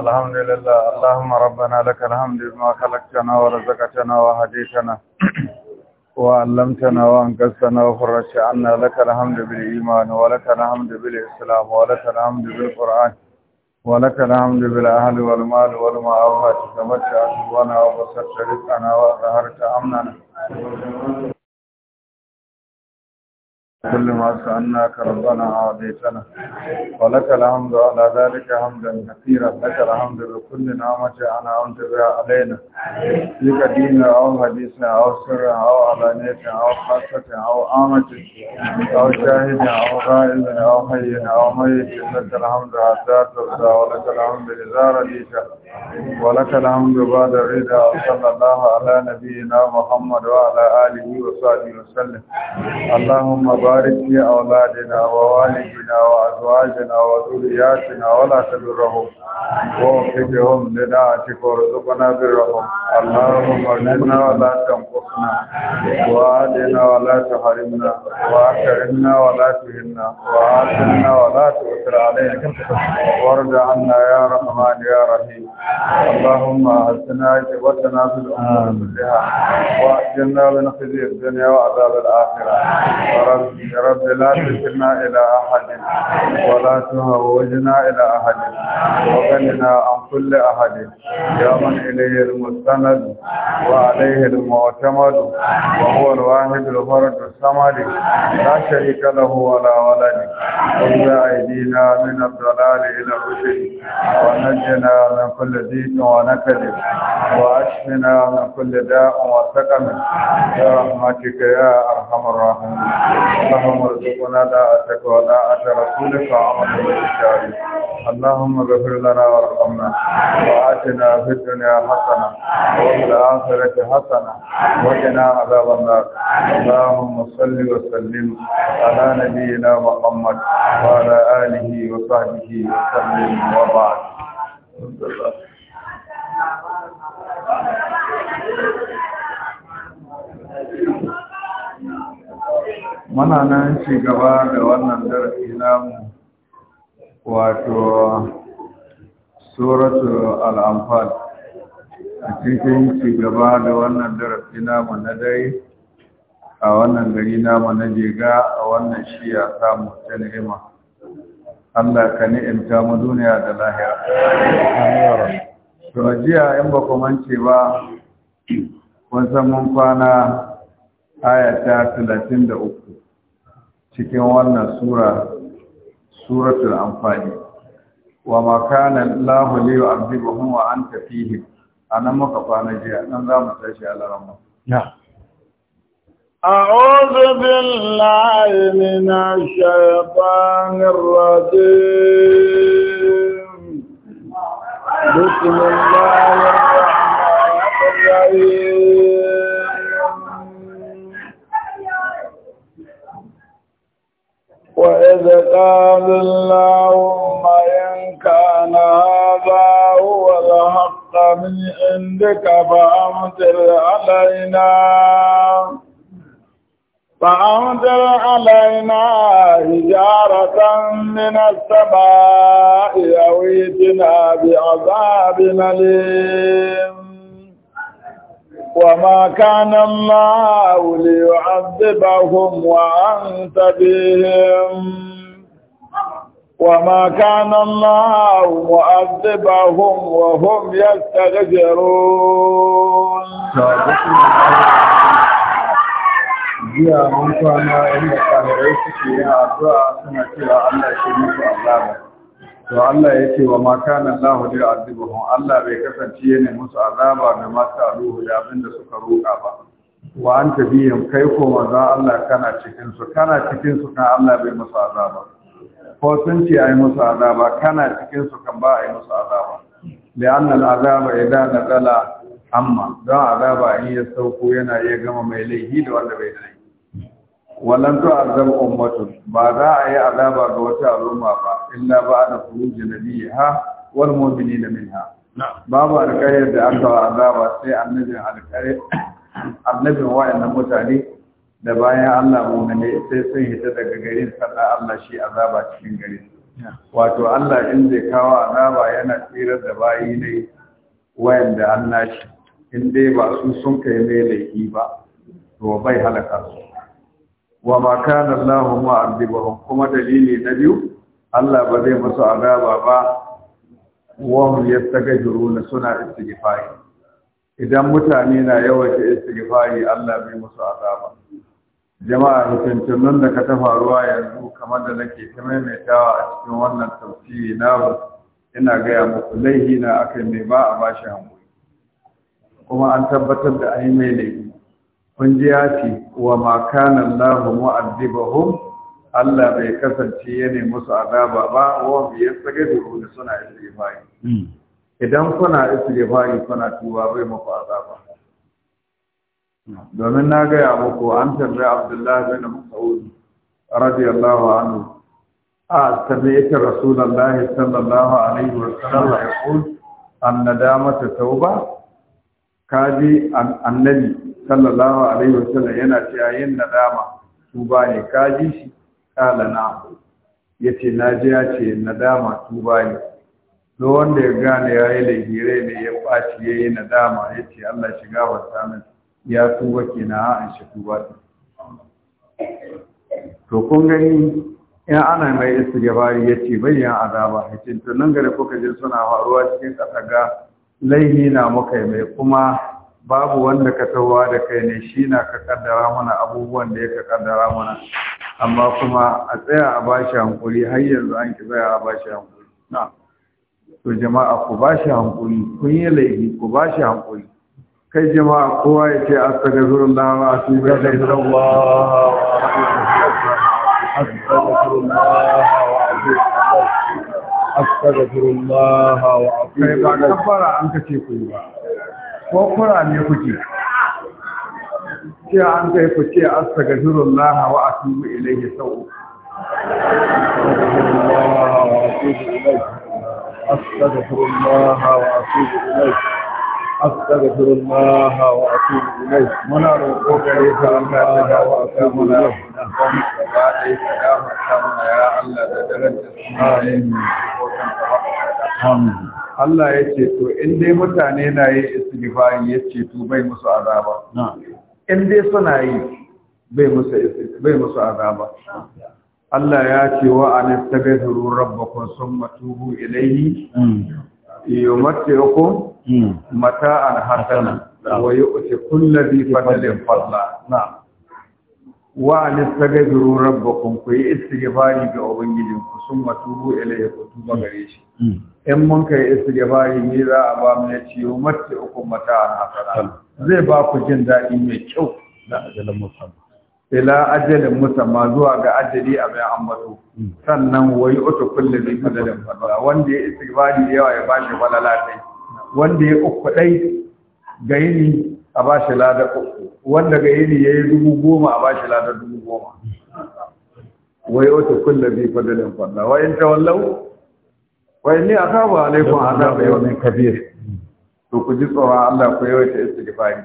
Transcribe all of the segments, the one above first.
الحمد لله اللهم ربنا لك الحمد بما خلقتنا ورزقتنا وهديتنا وعلمتنا وانقذتنا وفرجت عنا لك الحمد بالإيمان ولك الحمد بالإسلام ولك الحمد بالقرآن ولك الحمد بالأهل والمال والمعافاة تمتعت وانا وبسطت رزقنا وأظهرت أمننا كل ما سألناك ربنا عاديتنا ولك الحمد على ذلك حمدا كثيرا لك الحمد بكل نعمة أنا أنت بها علينا لك دين أو حديث أو سر أو علانية أو خاصة أو عامة أو شاهد أو غائب أو حي أو ميت لك الحمد حتى ترضى ولك الحمد إذا رضيت ولك الحمد بعد الرضا صلى الله على نبينا محمد وعلى آله وصحبه وسلم اللهم بارك في أولادنا ووالدنا وأزواجنا وذرياتنا ولا تبرهم ووفقهم لدعاتك وارزقنا برهم اللهم ارزقنا ولا تنقصنا وعادنا ولا تحرمنا وأكرمنا ولا تهنا وعافنا ولا تؤثر علينا وارض عنا يا رحمن يا رحيم اللهم اهدنا عجبتنا في الأمور كلها وأجلنا من خزي الدنيا وعذاب الآخرة يا رب لا تكلنا إلى أحد ولا تهوجنا إلى أحد وغننا عن كل أحد يا من إليه المستند وعليه المعتمد وهو الواحد الفرد الصمد لا شريك له ولا ولد خذ أيدينا من الضلال إلى الرشد ونجنا من كل كل ضيق واشفنا من كل داء وسقم برحمتك يا ارحم الراحمين اللهم ارزقنا طاعتك ودعاء رسولك وعمل بالشارع اللهم اغفر لنا وارحمنا وآتنا في الدنيا حسنة وفي الآخرة حسنة وقنا عذاب النار اللهم صل وسلم على نبينا محمد وعلى آله وصحبه وسلم وبعد muna nan ci gaba da wannan darasi namu wato suratu al'amfal a cikin ci gaba da wannan darasi namu na dai a wannan gari namu na jega a wannan shiya samu samun ni'ima Allah ka ni'imta mu duniya da lahira to jiya in ba ku mance ba kun san mun kwana ayata uku. cikin wannan sura suratul amfani. wa ma kana Allahu li yu'adhibahum wa anta A anan muka kwana jiya nan za mu tashi a mu na'am أعوذ بالله من الشيطان الرجيم بسم الله الرحمن الرحيم وإذ قال اللهم إن كان هذا هو الحق من عندك فأمطر علينا فأنزل علينا حجارة من السماء أو بعذاب أليم وما كان الله ليعذبهم وأنت بهم وما كان الله معذبهم وهم يستغفرون jiya mun kwana inda kamarai suke yin addu'a suna cewa Allah shi musu azaba to Allah ya ce wa ma kana Allah da yu'adhibuhum Allah bai kasance yana musu azaba da ma da abin da suka roka ba wa ta biyan kai ko maza Allah kana cikin su kana cikin su kan Allah bai musu azaba ko sun ce ai musu azaba kana cikin su kan ba ai musu azaba li'anna azaba idan nazala amma don azaba in ya sauko yana iya gama mai laifi da wanda bai da laihi walan to azab ummatu ba za a yi azaba ga wata al'umma ba illa ba da furuj nabiha wal mu'minina minha babu alƙaryar da aka azaba sai annabin alƙaryar annabin wa'annan mutane da bayan Allah mu'mine sai sun hita daga garin sallah Allah shi azaba cikin gari wato Allah in zai kawo azaba yana tsirar da bayi ne wayanda an nashi in dai ba su sun kai mai laifi ba to bai halaka su wa ma kana Allahu mu'adhibahum kuma dalili na biyu Allah ba zai musu azaba ba wa hum yastaghfiruna suna istighfari idan mutane na yawaita istighfari Allah bai musu azaba jama'a nan da ka ta faruwa yanzu kamar da nake ta maimaitawa a cikin wannan tafsiri na ina gaya muku laihi na aka mai ba a bashi hankali kuma an tabbatar da an yi mai laifi kun ji ya ce wa makanan lahu mu'addibahum Allah bai kasance ya musu azaba ba wa bi yastaghfiru da suna istighfari hmm. idan kuna istighfari kuna tuwa bai muku azaba domin na gaya muku an tarbi Abdullahi bin Mas'ud radiyallahu anhu a sami'ta Rasulullahi sallallahu alaihi wa sallam yaqul an nadamata tauba kaji annabi sallallahu alaihi wasallam yana cewa yin nadama tuba ne ka ji shi kala na yace na ji ya ce nadama tuba ne do wanda ya gane ya yi lahirai ne ya ɓaci ya yi nadama ya ce Allah shiga wa samun ya tuba na an shi tuba to kun gani in ana mai ya yace bayan azaba ce to nan gare kuka je suna faruwa cikin kasa ga laihi na muka mai kuma babu wanda ka tawa da kai ne shi na ka kaddara mana abubuwan da ya ka kaddara mana amma kuma a tsaya a bashi hankuri har yanzu an ki tsaya a bashi hankuri to jama'a ku bashi hankuri kun yi laifi ku bashi hankuri kai jama'a kowa ya ce astaghfirullah wa atubu ilayhi astaghfirullah wa atubu ilayhi kai ba kafara an kace ku ba ko kurame kuke cewa an kai ku ce astaghfirullah wa atubu ilayhi sau أستغفر الله وأتوب إليه أستغفر الله وأتوب إليه من أرقوك ليس الله وأتوب إليه يا الله تدرج اسمائي وكنت رحمة Allah ya ce to in dai mutane na yi istighfari ya ce to bai musu azaba in dai suna yi bai musu bai musu azaba Allah ya ce wa anastaghfiru rabbakum summa tubu ilayhi hmm. yumatti'ukum hmm. mata'an hasana wa yu'ti kulli dhi fadlin fadla na'am wa anistaghfiru rabbakum ku yi istighfari ga ubangijin ku sun matubu ilayhi ku tuba gare shi in mun kai istighfari ne za a ba mu ya ce mace uku ukum mata hasara zai ba ku jin daɗi mai kyau na ajalin musamman ila ajalin musamma zuwa ga ajali a bayan ambato sannan wai utu kullu bi fadalin fadala wanda ya istighfari da yawa ya bashi falala dai wanda ya uku dai ga a ba shi lada uku wanda ga yini ya yi dubu goma a ba shi lada dubu goma wai wata kulla bi fadalin fadla wa in tawallau wa inni alaikun alaikum azaba yawmin kabir to ku ji tsoron Allah ku yawaita istighfari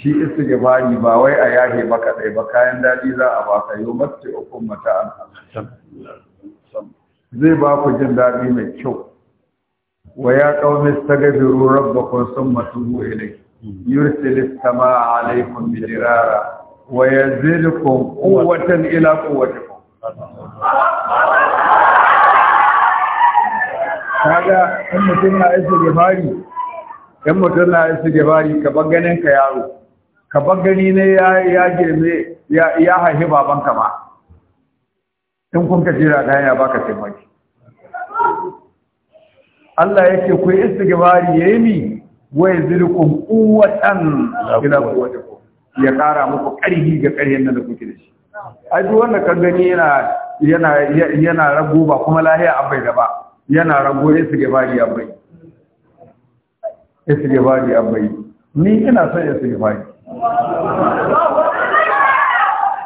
shi istighfari ba wai a yahe maka dai ba kayan daɗi za a baka yau mace uku mata an zai ba ku jin daɗi mai kyau wa ya qaumi Rabba rabbakum masu tubu ilai يرسل السماء عليكم بدرارا ويزلكم قوة إلى قوتكم kaga in mutum na isa gifari in mutum na isa gifari ka bar ganin ka yaro ka bar gani ne ya ya girme ya ya haihi babanka ma in kun ka jira da ya baka taimaki Allah yake ku isa istighfari yayi mi wa gina quwwatan ila quwwatikum ya ƙara muku ƙarfi ga ƙarfin nan da kuke da shi ai duk wanda ka gani yana yana yana rago ba kuma lahiya abai da ba yana rago ya su gabari abai ya su gabari abai ni ina son ya su gabari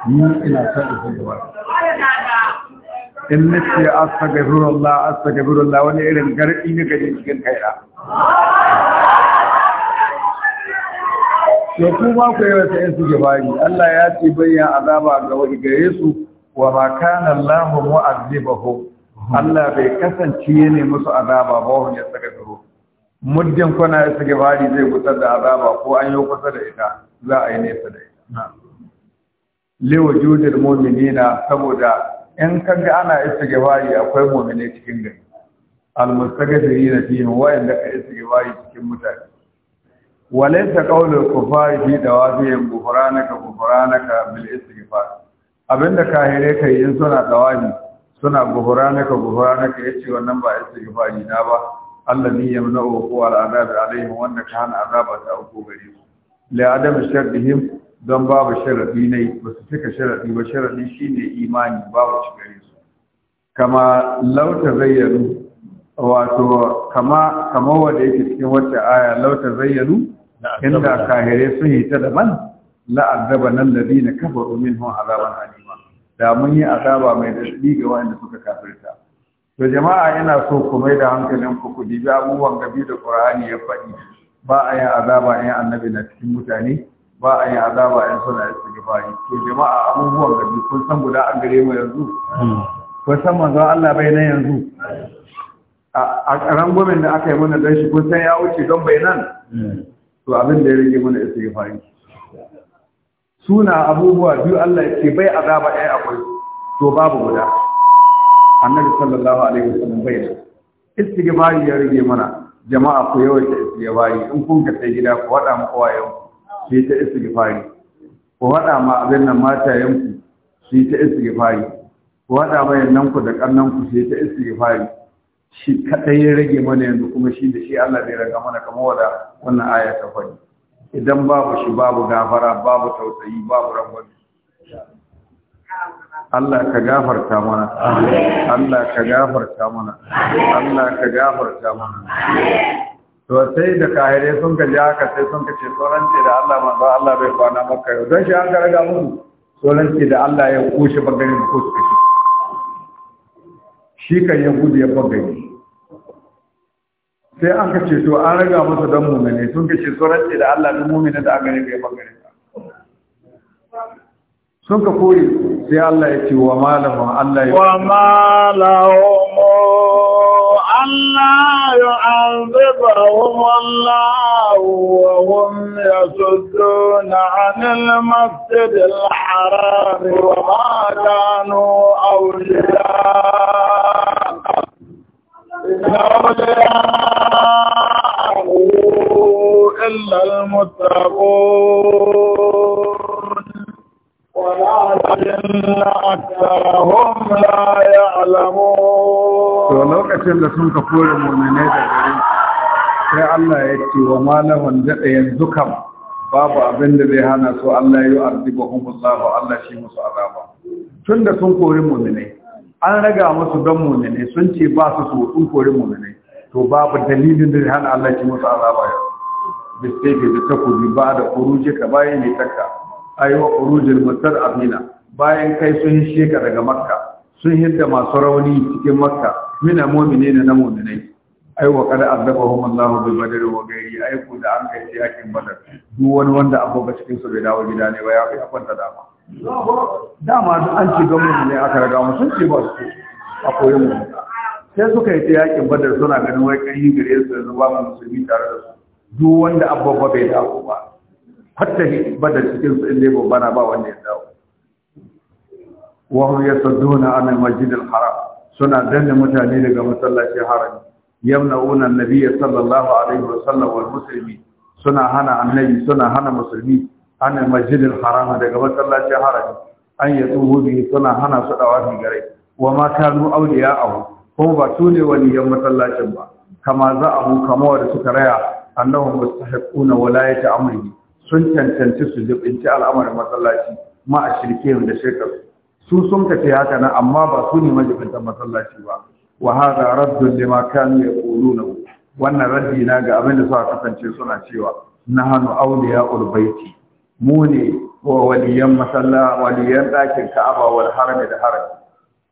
ni ina son ya su gabari in nace astaghfirullah astaghfirullah wani irin garbi ne gari cikin kaira to kuma ku yi wata yin suke gibari Allah ya ce bayyana azaba ga wani gare su wa ma kana Allah Allah bai kasance ne musu azaba ba wani ya saka tsaro muddin kuna ya suke bari zai kusa da azaba ko an yi kusa da ita za a yi nesa da ita le wujudul mu'minina saboda in kanga ana istighfari akwai mu'mini cikin gari al mustaghfirina fihim wa inda cikin mutane walaysa qawlul kufari fi dawafihim ghufranaka ghufranaka bil istighfar abinda kahire kai in suna dawafi suna ghufranaka ghufranaka yace wannan ba istighfari na ba Allah allazi yamna'u quwwal adab alaihim wanda ka hana azaba ta uku gare su li adam sharrihim don babu sharadi ne ba su cika sharadi ba sharadi shine imani babu shi gare su kama lauta zayyanu wato kama kama wanda yake cikin wacce aya lauta zayyanu inda kahire sun yi ta daban la'azaba nan da kafa kafaru minhum azaban alima da mun yi azaba mai dadi ga wanda suka kafirta to jama'a ina so ku mai da hankalin ku ku dibi abubuwan gabi da Qur'ani ya faɗi ba a yin azaba in annabi na cikin mutane ba a yin azaba in suna istighfari to jama'a abubuwan gabi kun san guda an gare mu yanzu hmm. ko san manzon Allah bai na yanzu a rangumin da aka yi mana don shi kun san ya wuce don bai nan hmm. to abin da ya rage mana istighfari suna abubuwa biyu Allah ya ce bai azaba ɗaya akwai to babu guda annabi sallallahu alaihi wasallam bai da istighfari ya rage mana jama'a ku yawaita istighfari in kun ka sai gida ku wada muku wayo ku yi ta istighfari ku wada ma abin nan matayen ku su yi ta istighfari ku wada ma nan ku da kannan ku su yi ta istighfari shi kadai ya rage mana yanzu kuma shi da shi Allah zai raga mana kamar wada wannan aya ta faɗi idan babu shi babu gafara babu tausayi babu shi. Allah ka gafarta mana Allah ka gafarta mana Allah ka gafarta mana to sai da kahire sun ka ja ka sai sun ka ce tsorance da Allah manzo Allah bai kwana maka yau don shi an ga raga mu tsorance da Allah ya kushe bangaren ko su kashe shi kan ya gudu ya bagari sai an ka ceto an raga masa don mummune sun ka ce tsoron ce da Allah da mummune da aka rage bagari sun ka koyi sai Allah ya ce wa malama Allah ya wa malama لا يعذبهم الله وهم يصدون عن المسجد الحرام وما كانوا أولياء أولياء إلا المتقون To ولكن أكثرهم لا يعلمون ولوكتين لسنك فور المؤمنين sai Allah ya ce wa malaman daɗa yanzu kam babu abin da zai hana su Allah ya yi arziba humullahu Allah shi musu azaba tun da sun kori muminai an raga musu don muminai sun ce ba su so sun kori muminai to babu dalilin da zai hana Allah shi musu azaba yau bistafi da takobi ba da kuruje ka bayan ne takka ayo urujul amina bayan kai sun sheka daga makka sun hidda masu rauni cikin makka mina mu'minina na mu'minai ai wa kada azabahum Allah bi badar wa gairi ai ku da an kai shi yakin badar duk wani wanda abu ba cikin su bai dawo gida ne ba ya fi kwanta dama dama an ci gamu ne aka raga mu sun ce ba su a koyon mu sai suka yi ta yakin badar suna ganin wai kai gare su yanzu ba mu musulmi tare da su duk wanda abu ba bai dawo ba hatta ba da cikin su inda babba na ba wanda ya dawo wa ya yasudduna an al-masjid haram suna danne mutane daga masallaci harami yamna'una an-nabiy sallallahu alaihi wa sallam wal muslimi suna hana annabi suna hana musulmi an al-masjid haram daga masallaci harami an yatuhu bi suna hana su dawa fi gare wa ma kanu awliya'ahu ko ba su ne 'yan masallacin ba kama za za'ahu kama wanda suka raya annahum mustahiquna walayata amrihi sun cancanci su jibinci al'amarin masallaci ma a shirke da shirkar su sun kace haka nan amma ba su ne majibintan masallaci ba wa hada raddun lima kanu yaquluna wannan raddi na ga abin da suka kasance suna cewa Na nahanu awliya ulbaiti mu ne wa waliyan masalla waliyan dakin ka'aba wal harami da harami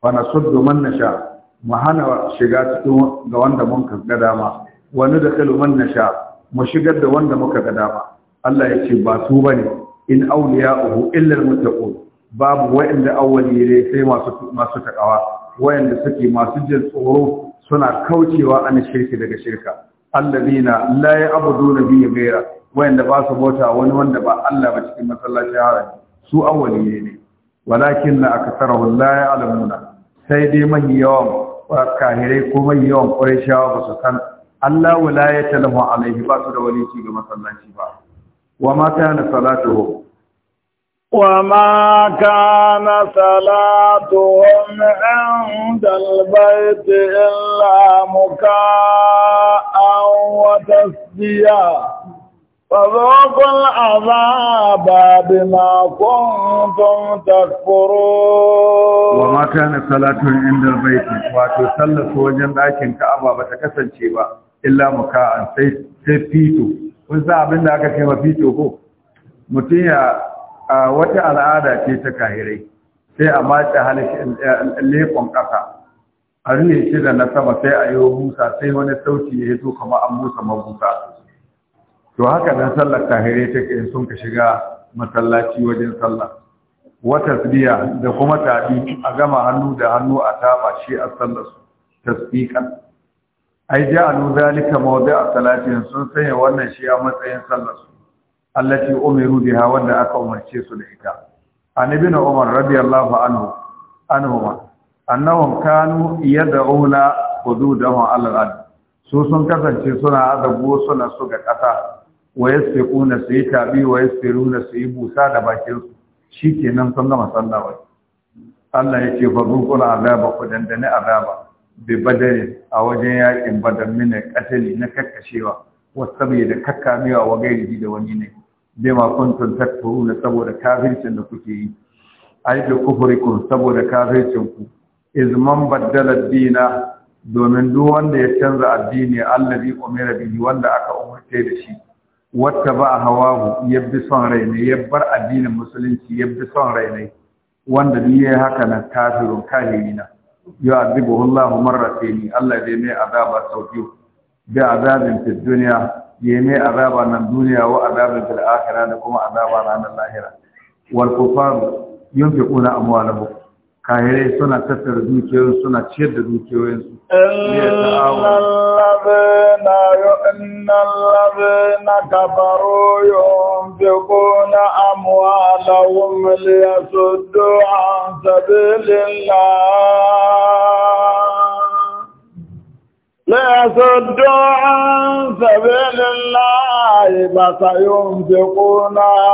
wa nasuddu man nasha mu hana shiga cikin ga wanda mun ga dama wani da man nasha mu shigar da wanda muka ga dama Allah ya ce ba su ba ne. in ya uhu, illar almuttaqun babu wa'inda awwali ne sai masu masu takawa wa'inda suke masu jin tsoro suna kaucewa an shirki daga shirka Allah allazina la ya'buduna biyu ghayra wa'inda ba su bauta wani wanda ba Allah ba cikin masallaci harami su awwali ne walakin la aktharuhum ya alamuna. sai dai mahi yawan kahirai ko mai yawan ƙwarai shawa ba su san Allah wala ya talamu alaihi ba su da wani ci ga masallaci ba وما كان صلاتهم وما كان صلاتهم عند البيت إلا مكاء وتسديا فذوقوا العذاب بما كنتم تكفرون وما كان صلاتهم عند البيت وتسلسوا صلى كأبا لكن بتكسل شيبا إلا مكاء سيفيتو kun sa abin da aka ce mafi ko mutum ya wata al'ada ce ta kahirai sai a mace halin eh, lekon ƙasa a rune shi da na sama sai a yi Musa, sai wani sauti ya hito kama an musa mabusa to haka nan sallar kahirai take sun ka shiga masallaci wajen sallah wata da kuma tabi a gama hannu da hannu a taba shi a sallar tasbiqan ai ja'alu zalika a salatin sun sanya wannan shi a matsayin sallar su allati umiru biha wanda aka umarce su da ita an ibn umar radiyallahu anhu anhuma annahum kanu yad'una hududahu al-ard su sun kasance suna adabu suna su ga kasa wa yasfiquna su yi wa yasfiruna su yi busa da bakin su shikenan sun gama sallah Allah ya ce fa zuqul azaba ku dandane azaba bi badare a wajen yakin badar mina kasali na kakkashewa wasu da kakkamewa wa gairi da wani ne bai ma kuntun na saboda kafircin da kuke yi ai da kufurikun saboda kafircin ku izman baddala dina domin duk wanda ya canza addini allazi umira bihi wanda aka umarce da shi wata ba hawahu yabbi son rai ne yabbar addinin musulunci yabbi son rai ne wanda duk yayi haka nan kafirun kafirina yu'adhibuhu Allah marratayn Allah zai mai azaba sau biyu bi azabin fid dunya ya mai azaba nan duniya wa azabin fil akhirah da kuma azaba ranar lahira wal kufar yunfiquna amwalahum kahirai suna tattara dukiyoyin suna ciyar da dukiyoyinsu الذين كفروا ينفقون أموالهم ليصدوا عن سبيل الله ليصدوا عن سبيل الله فسينفقونها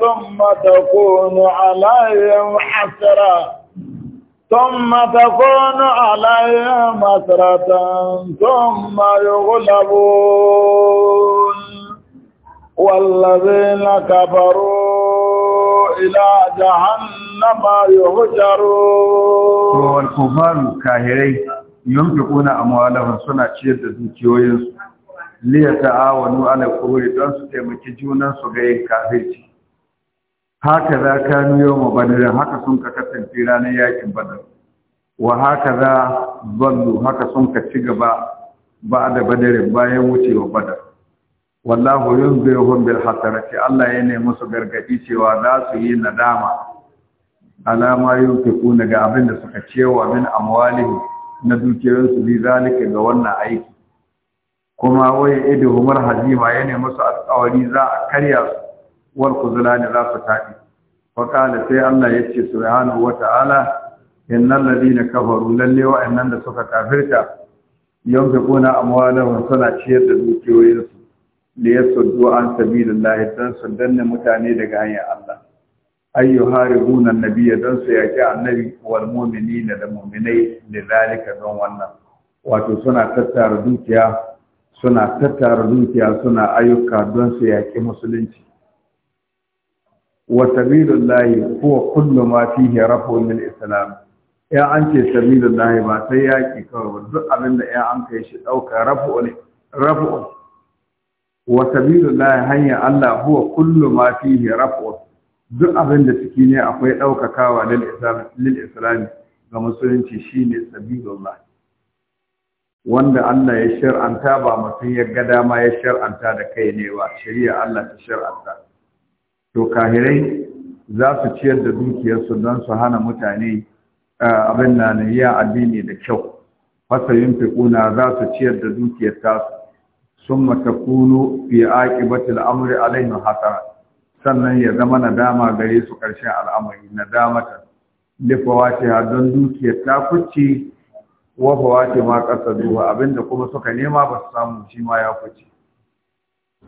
ثم تكون عليهم حسرة ثم تكون عليهم مسرة ثم يغلبون والذين كفروا إلى جهنم يهجرون والكفار كاهرين ينفقون أموالهم سنة شيدة دوكيوين ليتعاونوا على الكفر دون كما تجونا سكيم كافرين haka za ka nuyo ma badar haka sun ka kasance ranar yakin badar wa haka za zallu haka sun ka ci gaba ba da badar bayan wucewa badar wallahu yunziruhum bil hasarati Allah ya nemi su gargadi cewa za su yi nadama alama yunfiquna ga abin da suka cewa min amwalihim na su bi zalika ga wannan aiki kuma wai idu Umar hazima ya ne su alƙawari za a karya su wal kuzulani za su taɗi fa sai Allah yace subhanahu wata'ala innal na kafaru lalle wa'annan da suka kafirta yunfiquna amwalahum suna ciyar da dukiyoyinsu da ya suddu an sabilillahi don su danne mutane daga hanyar Allah ayyu haribuna annabiyya don su yaƙi annabi wal mu'minina da mu'minai da zalika don wannan wato suna tattara dukiya suna tattara dukiya suna ayyuka don su yaki musulunci wa sabilullahi huwa kullu ma fihi rafu lil islam ya an ce sabilullahi ba sai yaki kawai duk abin da ya an kai shi dauka rafu rafu wa sabilullahi hanya Allah huwa kullu ma fihi rafu duk abin da ciki ne akwai daukakawa lil islam lil islam ga musulunci shine sabilullahi wanda Allah ya shar'anta ba mutum ya ga dama ya shar'anta da kai ne ba shari'a Allah ta shar'anta to kahirai za su ciyar da dukiyarsu don su hana mutane abin na na addini da kyau yin fiƙuna za su ciyar da dukiyar tasu sun matakunu fi aƙibatul amri alaihim hasara sannan ya zama nadama gare su ƙarshen al'amari nadamata ce ha don dukiyar ta wafawa ce ma ƙasa zuwa abinda kuma suka nema ba su samu shi ma ya kucci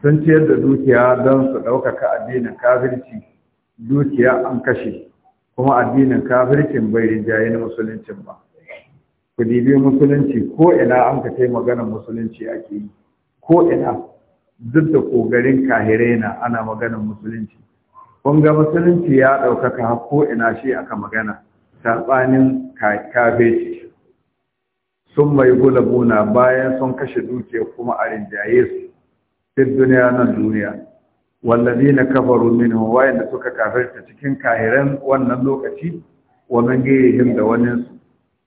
sun ciyar da dukiya don su ɗaukaka addinin kafirci dukiya an kashe kuma addinin kafircin bai rinjaye na musuluncin ba ku dibi musulunci ko ina an ka kai maganar musulunci ake yi ko ina duk da kogarin kahiraina ana maganar musulunci kun ga musulunci ya ɗaukaka ko ina shi aka magana saɓanin kafirci sun mai gulabuna bayan sun kashe dukiya kuma a rinjaye su fi duniya nan duniya wallazina kafaru minhum da suka kafirta cikin kahiran wannan lokaci wa man gairihim da wani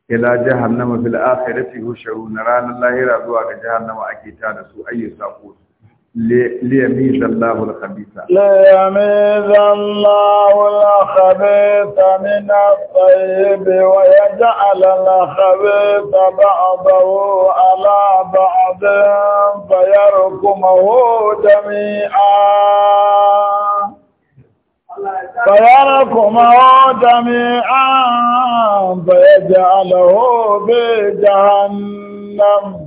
ila jahannama fil akhirati na ranar lahira zuwa ga jahannama ake ta da su ayyuka ko ليميز الله الخبيث ليميز الله الخبيث من الطيب ويجعل الخبيث بعضه على بعض فيركمه جميعا فيركمه جميعا فيجعله في جهنم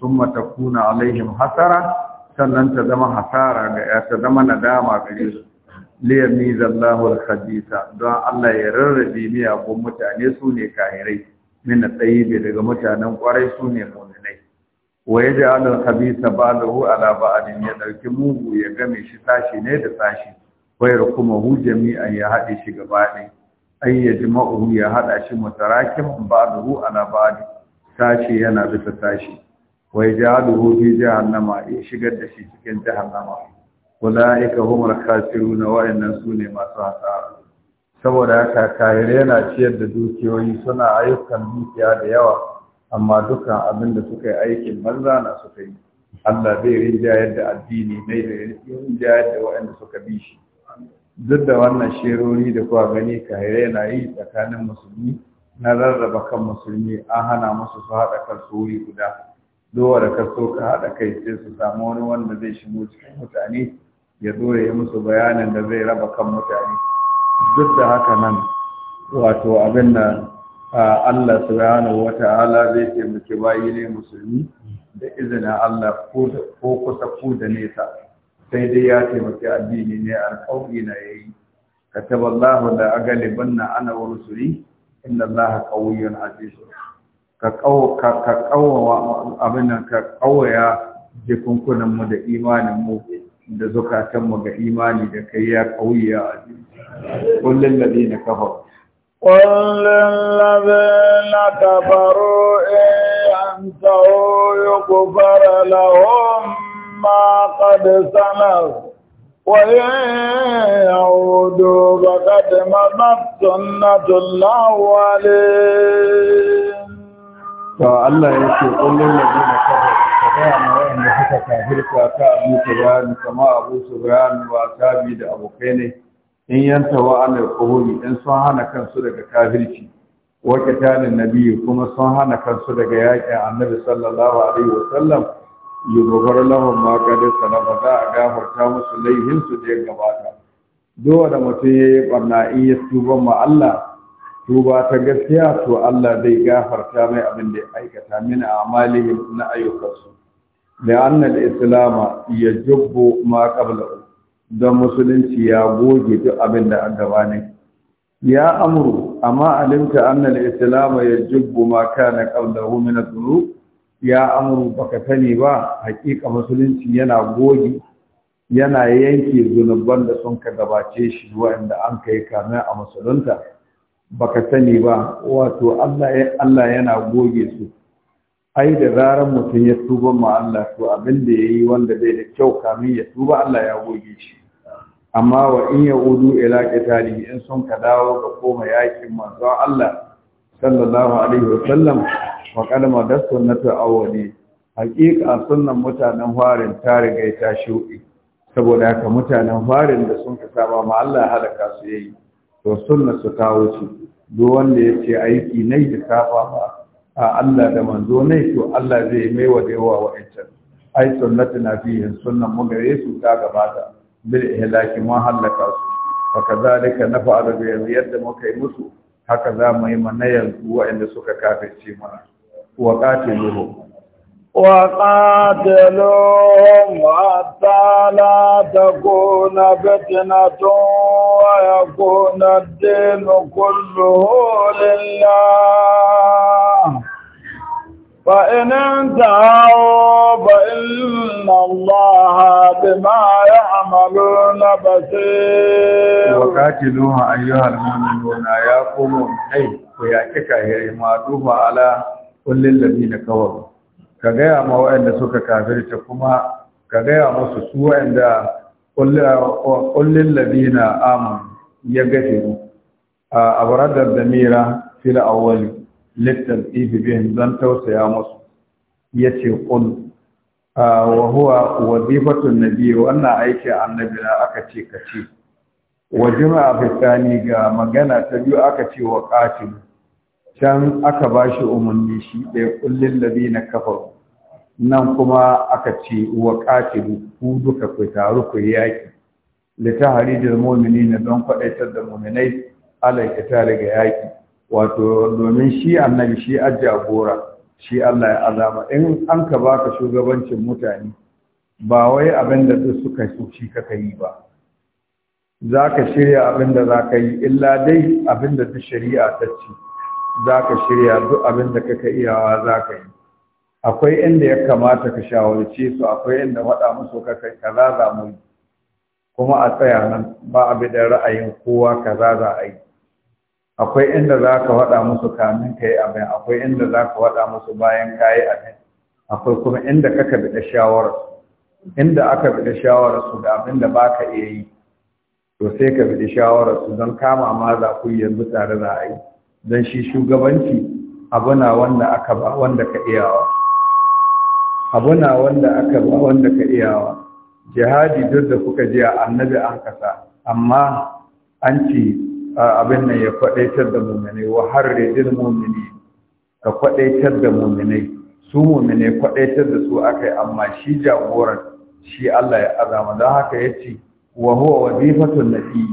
thumma takuna alaihim hasara sannan ta zama hasara ga ta zama nadama gare su liyamiz Allahu al-khabisa don Allah ya rarrabe miyagun mutane su ne kahirai min tsayibi daga mutanen kwarai su ne mu'minai wa yaj'alu al-khabisa ba'dahu ala ba'din ya ɗauki mugu ya game shi sashi ne da sashi wayar kuma hu jami'an ya hade shi gaba ɗaya ay yajma'uhu ya haɗa shi mutarakim ba'dahu ala ba'd sashi yana bisa sashi wai ja ja'aluhu fi nama ya shigar da shi cikin ika humar kasiru na wa'annan sune masu hasara saboda haka kahire na ciyar da dukiyoyi suna ayyukan dukiya da yawa amma dukkan abin da suka yi aikin banza na suka yi Allah zai rinjayar da addini mai da rinjayar da waɗanda suka bi shi duk da wannan sherori da kuwa gani kahire na yi tsakanin musulmi na rarraba kan musulmi an hana musu su haɗa kansu wuri guda dowa da kaso ka haɗa kai sai su samu wani wanda zai shigo cikin mutane ya zo ya yi musu bayanin da zai raba kan mutane duk da haka nan wato abin da Allah subhanahu wa ta'ala zai taimaki bayi ne musulmi da izinin Allah ko kusa ku da nesa sai dai ya taimaki addini ne alƙawari na yayi kataballahu la na ana wa rusuli inna Allaha qawiyyun aziz ka kawawa abin nan ka kawaya jikunkunan mu da imanin mu da zukatan mu ga imani da kai ya kauya aziz kullun ladina kafaru قل الذين كفروا إن ينتهوا يكفر لهم ما قد سلف وإن يعودوا فقد مضت سنة الله عليه to Allah ya ce kullun da kafaru ka ga ma da suka kafirta ka abu Gani kama abu Gani wa tabi da abokai ne in yanta wa ala kuhuri in sun hana kansu daga kafirci wa qitalin nabiyyi kuma sun hana kansu daga yakin annabi sallallahu alaihi wa sallam yughfar lahum ma qad salafa za a gafarta musu laihinsu da ya gabata dole mutum yayi barna in ya tuba ma Allah duba ta gaskiya to Allah zai gafarta mai abin da ya aikata min amalihim na ayyukansu islama ya يجب ma qabla, don musulunci ya goge duk abin da an ne. ya amuru amma alimta annal islama ya jubbu ma kana qablahu min adh ya amuru baka sani ba hakika musulunci yana goge yana yanke zunuban da sun ka gabace shi wa'anda an kai kamar a musulunta baka sani ba wato Allah yana goge su ai da zarar mutum ya tuba ma Allah to abin da yayi wanda bai da kyau kamin ya tuba Allah ya goge shi amma wa in ya udu ila qitali in sun ka dawo ga koma yakin manzo Allah sallallahu alaihi wasallam wa kalma da sunnatu awwali hakika sunnan mutanen farin ta riga ta shuɗi saboda haka mutanen farin da sun ka saba ma Allah halaka su yayi to sunna su ta wuce duk wanda ya ce aiki nai da safa a Allah da manzo nai to Allah zai mai wa dawa wa ita ai sunnatu na fihin sunnan mu ga Yesu ta gabata bil ihlaki ma halaka su wa kadhalika nafa'alu bi yadda muka yi musu haka za mu yi mana yanzu waɗanda suka kafirce mana wa qatiluhu وقاتلهم حتى لا تكون فتنة ويكون الدين كله لله فإن انتهوا فإن الله بما يعملون بصير وقاتلوها أيها المؤمنون يا قوم أي ويا هي ما دوب على كل الذين كفروا كغيا ما وإن سوك كافر كما كغيا ما سوء kullin na amon ya gafiru a abradar da mera fil awwali littal ibibihin don tausaya musu ya ce kun. wa huwa wazifatun biyu wannan aiki annabi na aka ce ka ce wa jima'a fitani ga magana ta biyu aka ce wa katin can aka ba shi umarni shi ɗaya kullin na kafaru nan kuma aka ce wa qatilu ku duka ku taru ku yaki mumini na don kwadaitar da mu'minai ya tare ga yaki wato domin shi annabi shi ajjagora shi Allah ya azama in an ka baka shugabancin mutane ba wai abin da suka shi kaka yi ba za ka shirya abin da za ka yi illa dai abin da shari'a ta ce za ka shirya duk abinda kaka iyawa za yi akwai inda ya kamata ka shawarce su akwai inda faɗa musu ka kai kaza za mu yi kuma a tsaya nan ba a bi da ra'ayin kowa kaza za a yi akwai inda za ka faɗa musu kamin ka yi abin akwai inda za ka faɗa musu bayan ka yi abin akwai kuma inda kaka bi da shawara inda aka bi da shawara su da abin da baka iya yi to sai ka bi da shawara su don kama ma za ku yanzu tare za a yi don shi shugabanci abu na wanda aka ba wanda ka iyawa abuna wanda aka ba wanda ka iyawa jihadi duk da kuka ji a annabi an kasa amma an ci abin nan ya kwadaitar da muminai wa harridil mumini ka kwadaitar da muminai su muminai kwadaitar da su akai amma shi jagoran shi Allah ya azama don haka ya ce wa huwa wazifatun nabi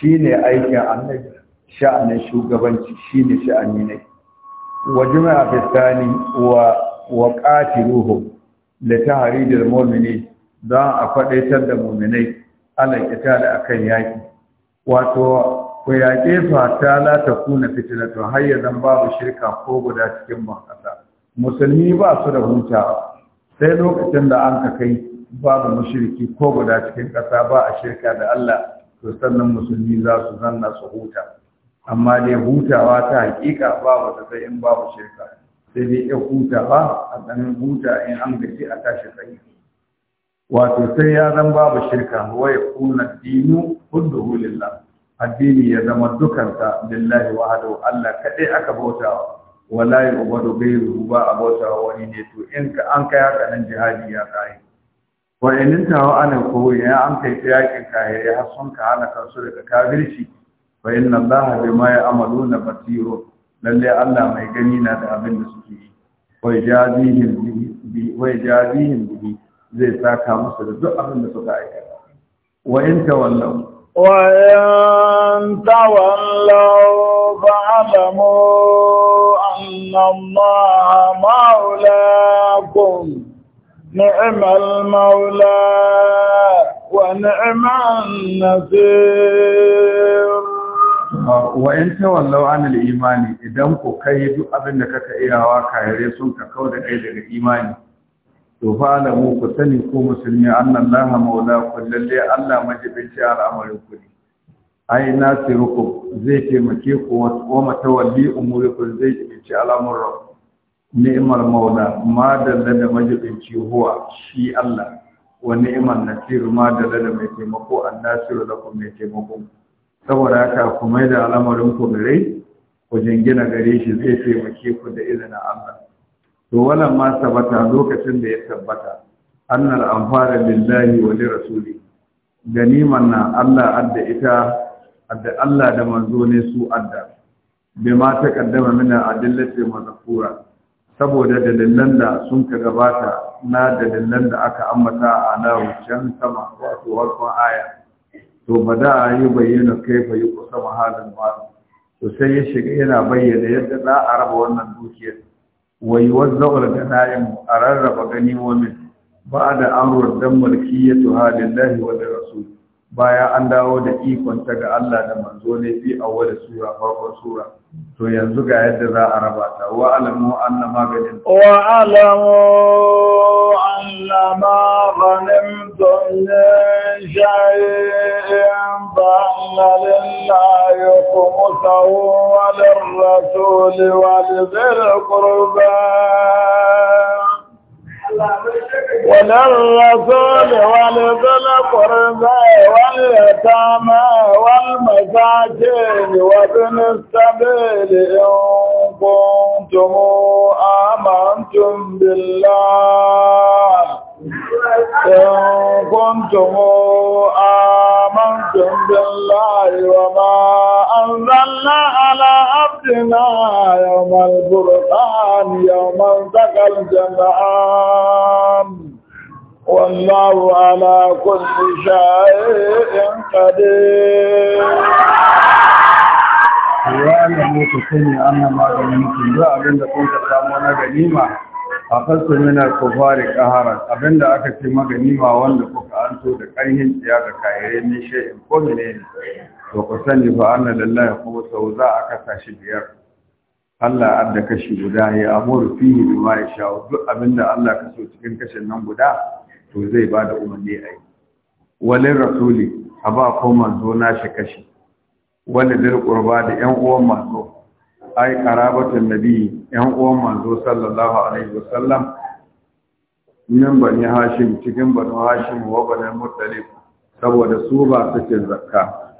shine aikin annabi sha'anin shugabanci shine sha'ani ne wa juma'a bisani wa wa qatiluhu li tahridil mu'mini dan a fadaitar da mu'minai alal qital akan yaki wato ku yaƙe su ta la ta kuna fitinatu har ya zan babu shirka ko guda cikin makasa musulmi ba su da hutawa sai lokacin da an ka kai babu mushriki ko guda cikin ƙasa ba a shirka da Allah to sannan musulmi za su zanna su huta amma dai hutawa ta hakika babu ta sai in babu shirka sai dai ya hutawa a ɗan huta in an gaji a tashi tsaye wato sai ya zan babu shirka wa ya kuna dinu kulluhu addini ya zama dukansa lillahi wahdahu Allah kaɗai aka bautawa wala yu'badu ghayruhu ba a bautawa wani ne to in ka an kai haka nan jihadi ya kai wa in tawa ana ko ya an kai yakin kahiri har sun ka halaka su daga kabirci fa inna ya bima na basiru. lalle Allah mai gani na da abin da suke yi wai jazihin bihi zai saka musu da duk abin da suka aikata wa in tawallau wa in tawallau fa'lamu anna Allah maulakum ni'mal al-maula wa ni'mal nasir wa in tawallau an imani idan ku kai duk abin da kaka iyawa kayare sun ka kau da kai daga imani to fa alamu ku sani ko musulmi laha maula ku lalle Allah majibinci al'amarin ku ne ai nasirukum zai taimake ku wa matawalli ku zai taimake al'amuran ni'imar maula ma dalla da majibinci huwa shi Allah wa ni'imar nasir ma da mai taimako mai taimako saboda haka ku mai da al'amarin ku gare ku jingina gare shi zai taimake ku da izinin Allah to wannan ma tabbata lokacin da ya tabbata annal anfara lillahi wa li rasuli ganiman na Allah adda ita adda Allah da manzo ne su adda ta kaddama mina adillati mazkura saboda dalilan da sun ka gabata na dalilan da aka ambata a nan can sama wato warkon aya to da yi bayyana kaifa yi kusa mahalin ba to sai ya shiga yana bayyana yadda za a raba wannan dukiyar wa yuwazza'u al-ghana'im a rarraba ganimomin da amrul dan mulkiyatu halillahi wa rasul Baya an dawo da ikon ta ga Allah da manzo ne fi awwal sura farkon sura to yanzu ga yadda za a raba ta wa alamu anna maganin wa alamu anna ma ghanimtum min shay'in ba anna lillahi khumsahu wa lirrasuli wa lidhil qurba وللرسول ولذي القربى اليتامى والمساكين وابن السبيل إن كنتم آمنتم بالله إن كنتم آمنتم بالله وما أنزلنا على عبدنا يوم الفرقان يوم التقى الجمعان والله على كل شيء قدير Yanar ku sani ana maganin duk abinda kun ka samu na ganima a fasu minar ku fari ƙahara abinda aka ce maganima wanda kuka anto da ƙarhin tsiya ga kayayyar nishe in ne to ku sani fa ana lillahi kuma sau za a kasa shi biyar Allah adda kashi guda ya amuru fihi bima ya sha duk abinda Allah ka so cikin kashin nan guda to zai ba da umarni a yi walin rasuli a ba ko manzo na shi kashi wani dir qurba da yan uwan manzo ai qarabatun nabi yan uwan manzo sallallahu alaihi wasallam nan bani hashim cikin bani hashim wa bani muttalib saboda su ba su cin zakka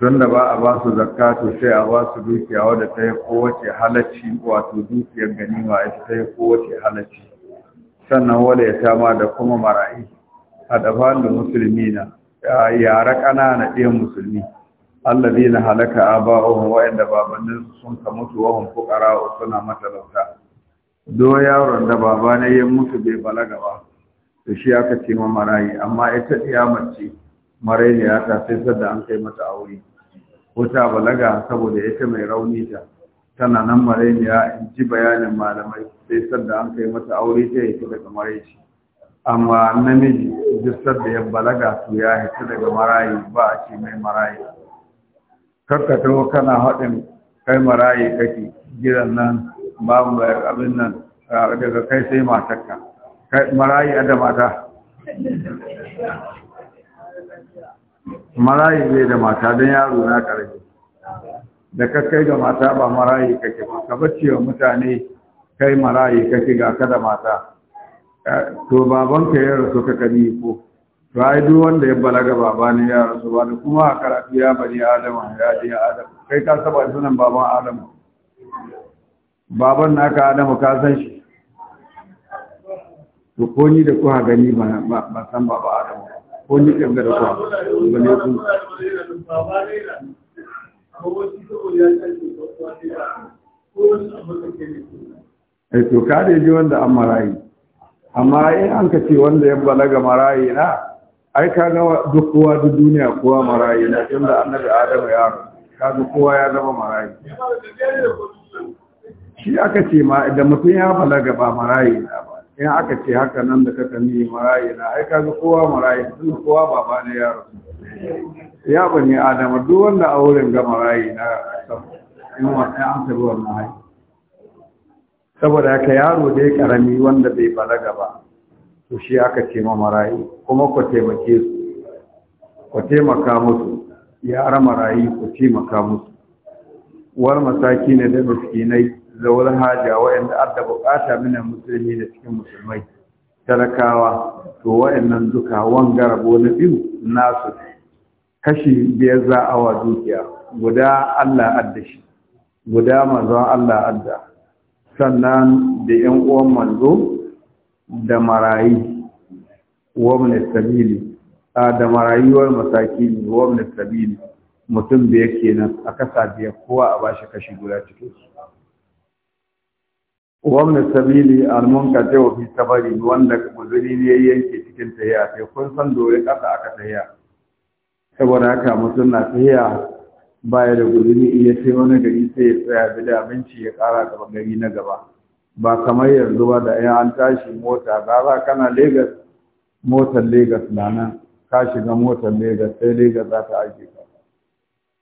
don da ba a ba su zakka to sai a ba su dukiya wadda ta yi kowace halacci wato dukiyar ganima ita ta yi kowace halacci sannan wale ya tama da kuma mara'i a dafan da musulmi na yara ƙanana ɗiyan musulmi allazi na halaka aba'uhum da babannin sun ka mutu wa hum fuqara suna matalauta do yaron da babana ya mutu bai balaga ba to shi aka ce ma marayi amma ita ɗiya mace ne ya ta sai sadda an kai mata aure Wuta balaga saboda ita mai rauni ta tana nan maraimiya in ji bayanin malamai sai sadda an kai mata aure ta yi daga maraici amma namiji duk sadda ya balaga su ya hita daga marayi ba a ce mai marayi karkatawa kana haɗin kai marayi kake gidan nan babu abin nan daga kai sai matakka marayi a da mata marayi zai da mata don yaro na ƙarfi da ka kai ga mata ba marayi kake ba ka bacci wa mutane kai marayi kake ga ka da mata to babanka ya rasu ka kani ko to ai duk wanda ya balaga baba ne ya rasu ba da kuma a karatu ya bani adama ya je adam kai ka saba sunan baban adamu baban naka adamu ka san shi to ko ni da ha gani ba ba san baba adamu ko ni da ku ba ne ku Eh to ka da ji wanda an marayi amma in an ka ce wanda ya balaga marayi na ai ka ga duk kowa duk duniya kowa marayi na tunda annabi Adamu ya ka ga kowa ya zama marayi shi aka ce ma idan mutum ya balaga ba marayi na ba in aka ce haka nan da ka ni marayi na ai ka ga kowa marayi tunda kowa baba ne ya rasu ya bani adama duk wanda a wurin gama rayi na in wasan an tabi wannan saboda haka yaro da ya karami wanda bai balaga ba to shi aka ce ma marayi kuma ku taimake su ku taimaka musu yara marayu, ku taimaka musu war masaki ne da miskinai zawar haja wa'anda adda bukata minan musulmi da cikin musulmai talakawa to wa'annan duka wanga rabo na biyu nasu kashi biyar za a wa dukiya guda Allah adda shi guda manzon Allah adda sannan da yan uwan manzo da marayi wa min sabili da marayuwar masaki wa sabili mutum biyar kenan a kasa biyar kowa a bashi kashi guda cikin su wa sabili al-munqati wa fi sabari wanda guzuri ne yanke cikin tahiya sai kun san dore kasa aka tahiya saboda haka mutum na tahiya baya da gudumi iya sai wani gari sai ya tsaya bi da abinci ya kara gaba gari na gaba ba kamar yanzu ba da ya an tashi mota za kana Legas motar Legas na nan ka shiga motar Legas sai Legas za ta ake ka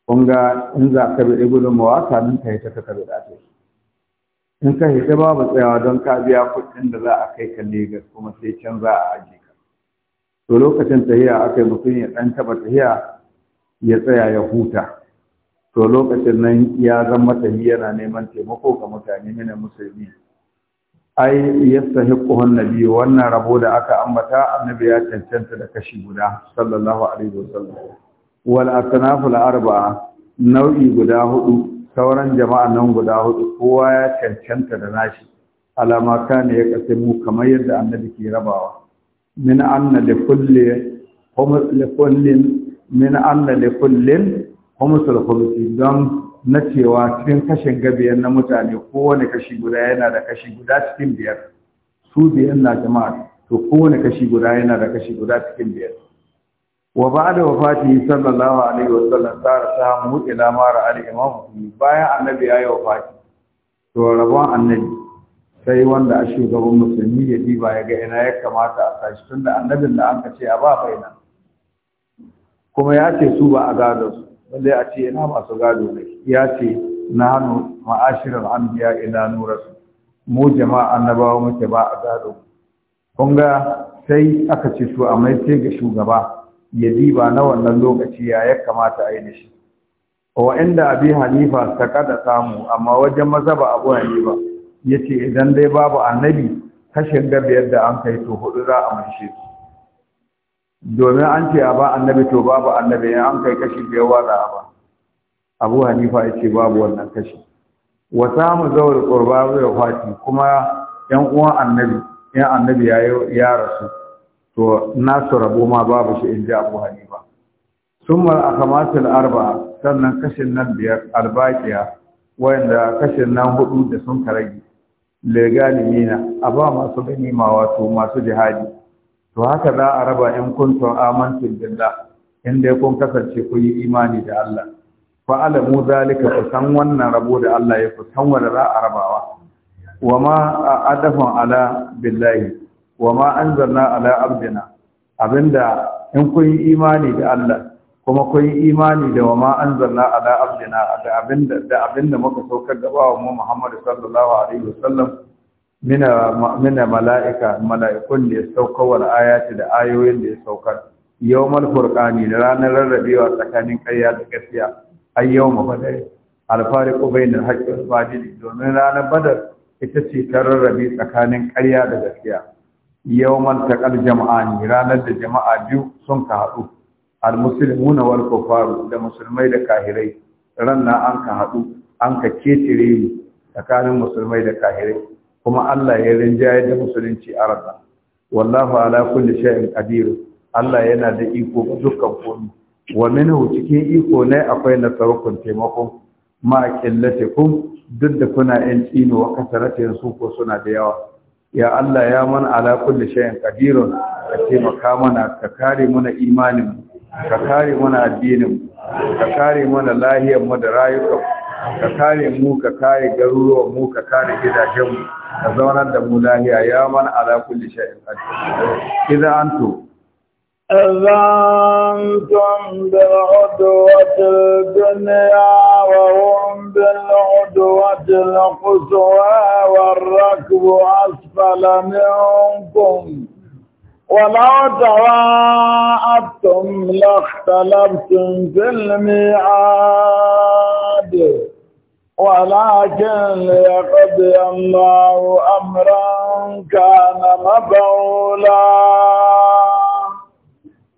kun ga in za ka bi gudunmawa kamin ka hita ka kabe da ta in ka hita babu tsayawa don ka biya kuɗin da za a kai ka Legas kuma sai can za a aje to lokacin tahiya aka yi mutum ya ɗan taɓa tahiya ya tsaya ya huta to lokacin nan ya zama tahiya yana neman taimako ga mutane mina musulmi ai yastahiqquhu annabi wannan rabo da aka ambata annabi ya cancanta da kashi guda sallallahu alaihi wasallam wal arba'a nau'i guda hudu sauran jama'a nan guda hudu kowa ya cancanta da nashi alama kana ya mu kamar yadda annabi ke rabawa min anna li kulli li kullin min anna li kullin khumsul khumsi don na cewa cikin kashin gabiyan na mutane kowane kashi guda yana da kashi guda cikin biyar su biyan na jama'a to kowane kashi guda yana da kashi guda cikin biyar wa ba'da wafati sallallahu alaihi wa sallam sar samu ila mara al-imam bayan annabi ya yi wafati to rabon annabi sai wanda a shugaban musulmi ya diba ya ga ina ya kamata a tashi tunda annabin da an ce a ba bai kuma ya ce su ba a gado su balle a ce ina masu gado ne ya ce na hannu ma'ashirar anbiya ila su mu jama'a annabawa muke ba a gado kun sai aka ce su a mai sai ga shugaba ya diba na wannan lokaci ya ya kamata a yi da shi wa inda abi halifa ta kada samu amma wajen maza ba abu ba. Ya ce idan dai babu annabi kashin biyar yadda an kai to hudu za a mashi su domin an ce a ba annabi to babu annabi an kai kashi biyar za a ba abu hanifa ya ce babu wannan kashi wa samu zawar qurba wa fati kuma yan uwan annabi yan annabi ya ya rasu to nasu rabo ma babu shi inji abu hanifa summa akhamatul arba'a sannan kashin nan biyar albaqiya wanda kashin nan hudu da sun karage legalimina a ba masu ganima wato masu jihadi to haka za a raba in kuntum amantum billah in dai kun kasance kun yi imani da Allah fa alamu zalika ku san wannan rabo da Allah ya ku san wanda za a rabawa wa ma adafan ala billahi wa ma anzalna ala abdina abinda in kun yi imani da Allah kuma kun yi imani da wa ma anzalna ala abdina da abinda da abinda muka saukar da bawa mu Muhammad sallallahu alaihi wasallam mina mina mala'ika mala'ikun da ya saukar wal ayati da ayoyin da ya saukar yawmal furqani da ranar rarrabewa tsakanin ƙarya da gaskiya ay ma bada al fariqu bainal haqqi wal batil domin ranar badar ita ce ta rarrabe tsakanin ƙarya da gaskiya yawmal taqal jama'ani ranar da jama'a biyu sun ka haɗu almuslimuna wal kufaru da musulmai da kahirai ran na an ka haɗu an ka ketire ni tsakanin musulmai da kahirai kuma Allah ya rinjaye da musulunci a rasa wallahu ala kulli shay'in qadir Allah yana da iko ga dukkan komai wa minhu cikin iko ne akwai nasarukun taimako ma qillatikum duk da kuna yan tsino wa kasaratin su ko suna da yawa ya Allah ya man ala kulli shay'in qadir ka taimaka mana ka kare mana imanin mu ka kare mana addinin ka kare mana lahiyar mu da rayukan ka kare mu ka kare garuruwan mu ka kare gidajen mu ka zaunar da mu lahiya ya man ala kulli shay'in qadir idan antu أذنتم بالعدوة الدنيا وهم بالعدوة القصوى والركب أسفل منكم ولو تواعدتم لاختلفتم في الميعاد ولكن ليقضي الله أمرا كان مفعولا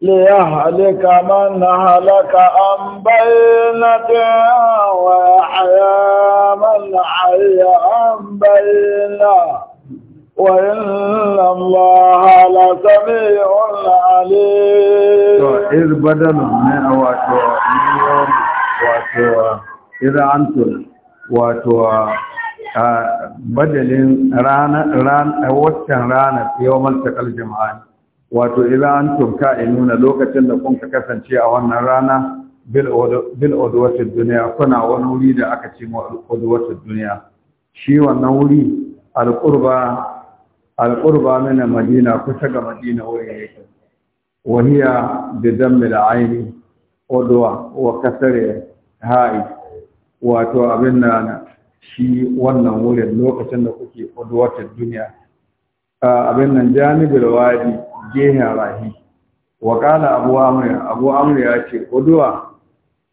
ليهلك من هلك عن بينة ويحيى من حي عن بينه وإن الله لسميع عليم إذ بدل من واتو واتو إذا أنتم واتو badalin watan ranar yawon takal jama'a wato idan tumka nuna lokacin da kun kasance a wannan rana bil odwatar duniya kuna wani wuri da aka ce ma odwatar duniya shi wannan wuri alƙurba Alƙurba min madina kusa ga madina wurin yake wahiya da dammil aini oduwa wa kasare ha'i wato abin na shi wannan wurin lokacin da kuke odwatar duniya abin nan janibul wadi gehen rahi wa qala abu amr abu amr ya ce oduwa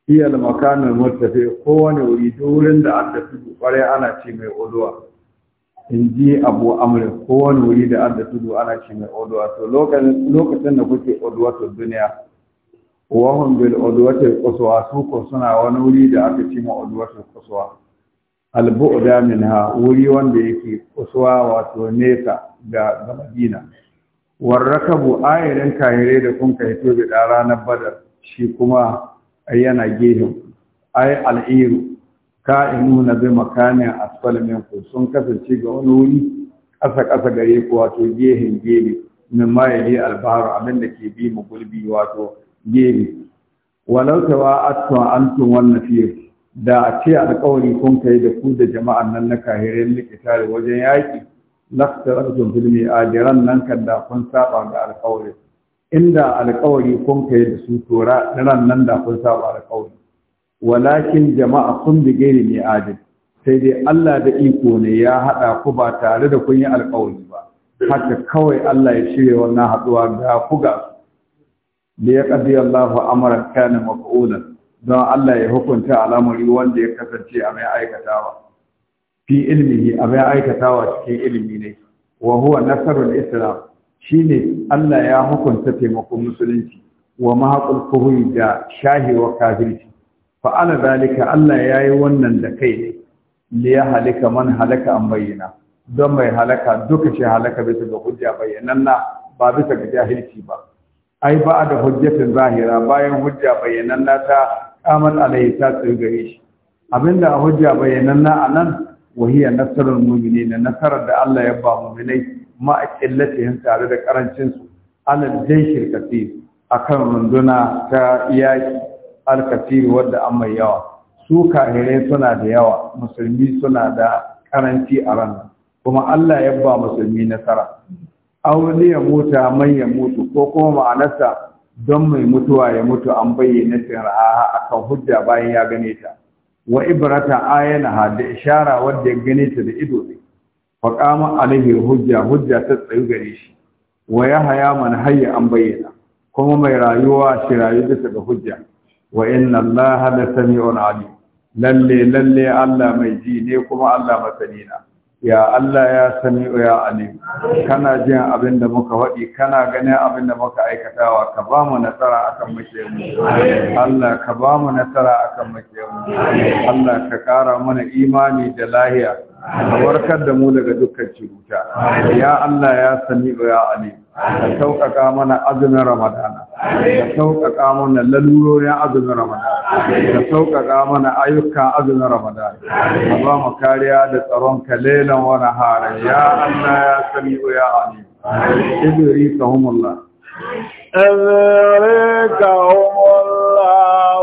iya al makanul murtafe, kowane wuri wurin da an tafi kware ana ce mai oduwa. in ji abu amurka kowane wuri da adda tudu ana ce mai to lokacin da kuke oduwato duniya wahun bil ta kusuwa su ko suna wani wuri da aka ce ma oduwato kusuwa albu'da ha, wuri wanda yake kusuwa wato nesa ga ga madina warrakabu ayyarin kahire da kun kai to bi ranar badar shi kuma yana gehen ay al'iru ka'inuna bi makanin asfal minku sun kasance ga wani wuri kasa kasa gare ku wato gehen gebe min ma yi albaharu abin da ke bi mu gulbi wato gebe walau ta tawa atwa antum wan nafir da a ce alƙawari kun kai da ku da jama'an nan na kahirin likitare wajen yaƙi laktarantun filmi a jiran nan kan da kun saba ga alƙawari inda alƙawari kun kai da su tora ran nan da kun saba alƙawari walakin jama'a kun bi gairi mai adil sai dai Allah da iko ne ya haɗa ku ba tare da kun yi alƙawari ba haka kawai Allah ya shirya wannan haɗuwa ga ku ga da ya ƙaddi Allah amara kana don Allah ya hukunta al'amari wanda ya kasance a mai aikatawa fi ilmihi a mai aikatawa cikin ilimi ne wa huwa nasarul islam shine Allah ya hukunta taimakon musulunci wa mahaqul da shahi wa kafirci fa'ala zalika Allah ya yi wannan da kai ne ya halika man halaka an bayyana don mai halaka duka shi halaka bisa ga hujja na ba bisa ga jahilci ba ai ba da hujjatin zahira bayan hujja na ta kamar ala'i ta tsaye gare shi abinda a hujja na a nan wahiyar nasarar mumini na nasarar da Allah ya ba muminai ma a killace tare da karancinsu alal jaishir a akan runduna ta yaki alkafiri wadda an mai yawa su kahirai suna da yawa musulmi suna da karanci a ran kuma Allah ya ba musulmi nasara aure ya mutu man ya mutu ko kuma ma'anarsa don mai mutuwa ya mutu an bayyana a akan hujja bayan ya gane ta wa ibrata ayana da ishara wadda ya gane ta da ido ne fa qama alaihi hujja hujja ta tsayu gare shi wa yahya man hayya an bayyana kuma mai rayuwa shi rayu bisa ga hujja wa inna allaha la sami'un alim lalle lalle Allah mai ji ne kuma Allah masanina ya Allah ya sami'u ya alim kana jin abin da muka faɗi kana ganin abin da muka aikatawa ka ba mu nasara akan mu. Allah ka ba mu nasara akan mashayinmu Allah ka ƙara mana imani da lahiya ka warkar da mu daga dukkan cuta. ya Allah ya sami'u ya alim ka sauƙaƙa mana azumin ramadana ka sauƙaƙa mana lalurorin azumin ramadana ka sauƙaƙa mana ayyukan azumin ramadana ka ba mu kariya da tsaron ka lelan wani harin ya Allah ya sami ya amin ibiri ta humullah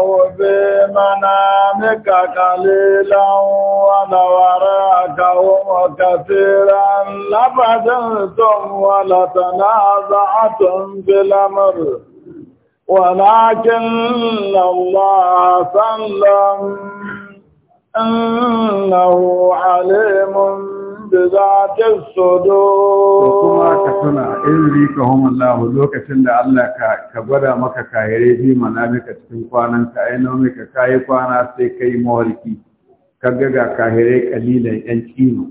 ibiri mana ka kalila wa nawara ka wa kasira labadan tum wa la tanaza'atun bil amr wa lakin allah sallam annahu alimun بذات sodo. kuma ka tuna izri ka humallahu lokacin da Allah ka gwada maka kayare bi manamika cikin kwanan ka ai nome ka kai kwana sai kai mawarki Ka gaga kahire kalilan yan kino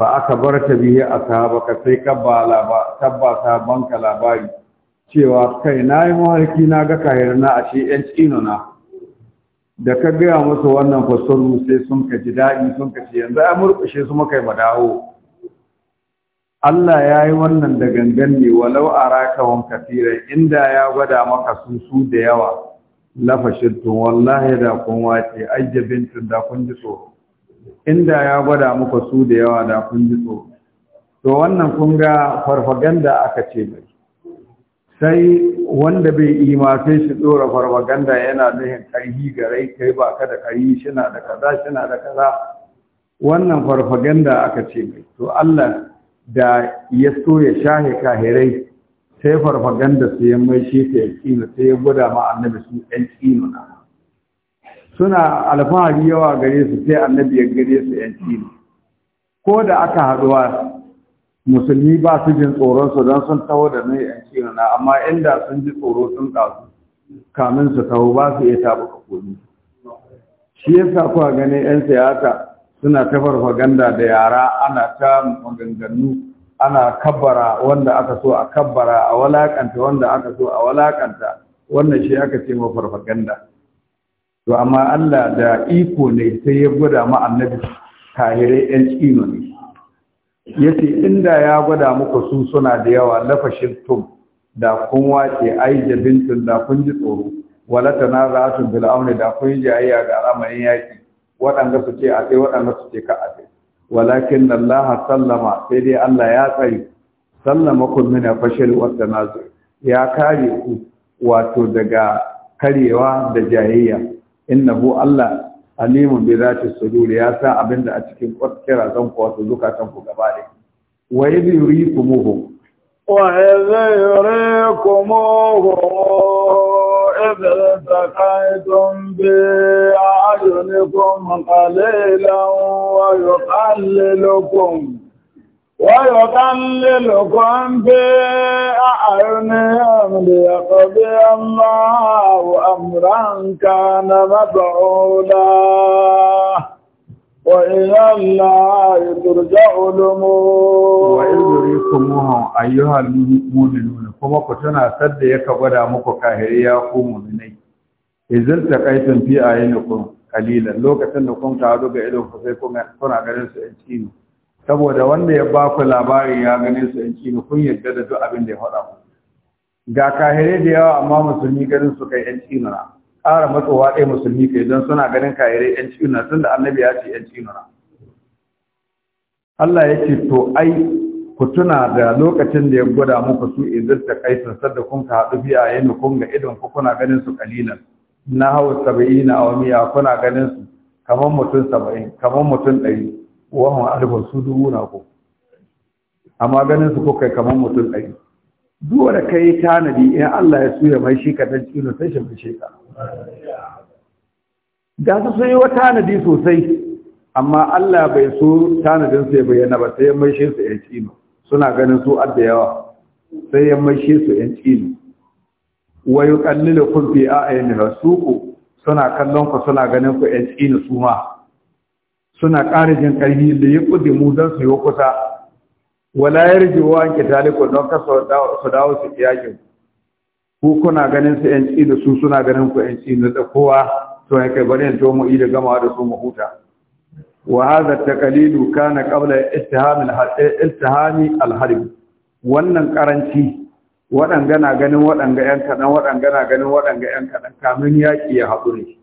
fa aka barta bihi a sai ka bala ba tabba banka labari cewa kai nayi mawarki ga kahire na ashe yan kino na da ka gaya musu wannan fasaru sai sun ka ji daɗi sun ka ce yanzu a murƙushe su maka yi madawo Allah ya yi wannan da gangan ne walau a rakawan kafira inda ya gwada maka sun su da yawa lafashin tun wallahi da kun wace ajabin tun da kun ji tsoro inda ya gwada muka su da yawa da kun ji tsoro to wannan kun ga farfaganda aka ce mai sai wanda bai ima sai shi tsora farmaganda yana nuhin karhi ga rai kai ba ka da karhi shina da kaza shina da kaza wannan farfaganda aka ce mai to Allah da ya so ya shahe kahirai sai farfaganda su ya shi ta yaƙinu sai ya gwada ma annabi su ɗan suna alfahari yawa gare su sai annabi ya gare su ɗan ko da aka haɗuwa musulmi ba su jin tsoron su don sun taho da nai yan na amma inda sun ji tsoro sun kasu. kamin su taho ba su iya ka komi shi yasa kuwa ganin yan siyasa suna ta farfaganda da yara ana ta maganganu ana kabbara wanda aka so a kabbara a walakanta wanda aka so a walakanta wannan shi aka ce ma farfaganda to amma Allah da iko ne sai ya gwada ma annabi kahirai yan tsino ne yace inda ya gwada muku su suna da yawa lafashin tum da kun wace ai jabintun da kun ji tsoro wala tanazatu bil amri da kun ji ayya ga al'amarin yaki wadanda su ce a sai wadanda su ce ka a sai walakin Allah sallama sai dai Allah ya tsari sallama kun mina fashil wa tanazu ya kare ku wato daga karewa da jayayya innahu Allah alimun bai za ta saduri ya san abin da a cikin kira zan kuwa su zuka can ku gaba ne wa yi yuri ku muhu wa yi zai yuri ku muhu ibil kai don bi a ayyuni kun kalilan wa yi kallilukun ويقللكم في أعينهم ليقضي الله أمرا كان مفعولا وإلى الله ترجع الأمور وإذ يريكموهم أيها المؤمنون كما كنتنا سد يكبر أمك مكو قوم مني إذ التقيتم في أعينكم قليلا لو كنتم تعالوا بإلوكم فيكم كنا غير سئتين saboda wanda ya ba ku labari ya gane su in kun yarda da duk abin da ya faɗa ga kahire da yawa amma musulmi ganin su kai yanci nuna ƙara matsowa ɗaya musulmi kai don suna ganin kahire yanci nuna tun da annabi ya ce yanci Allah ya ce to ai ku tuna da lokacin da ya gwada muku su in zarta kai sansar da kun ka haɗu biya kun ga idon ku kuna ganin su kalilan na hawa saba'ina na wamiya kuna ganin su kamar mutum saba'in kamar mutum ɗari wahun alifar su dubu na ko amma ganin su kuka kamar mutum ɗari duwa da ka yi tanadi in Allah ya suya mai shi kaɗan cikin sai shi mai ka Ga su sun yi wa tanadi sosai amma Allah bai so tanadin su ya bayyana ba sai ya mai shi su ‘yan cinu. suna ganin su adda yawa sai ya mai shi su ‘yan cinu. wayo kalli da kun fi a ayyana su suna kallon ku suna ganin ku ‘yan cinu su ma suna ƙara jin ƙarfi da ya ƙudi mu don su yi kusa wala ya rage wa wanke Taliku don ka su dawo su yakin ku kuna ganin su yan da su suna ganin ku yan ci da kowa to ya kai bari in to mu da gama da su mu huta wa hada taqlidu kana qabla ittiham al-ittihami wannan karanci waɗanga na ganin waɗanga yan kaɗan waɗanga na ganin waɗanga yan kadan kamin yaki ya haɗu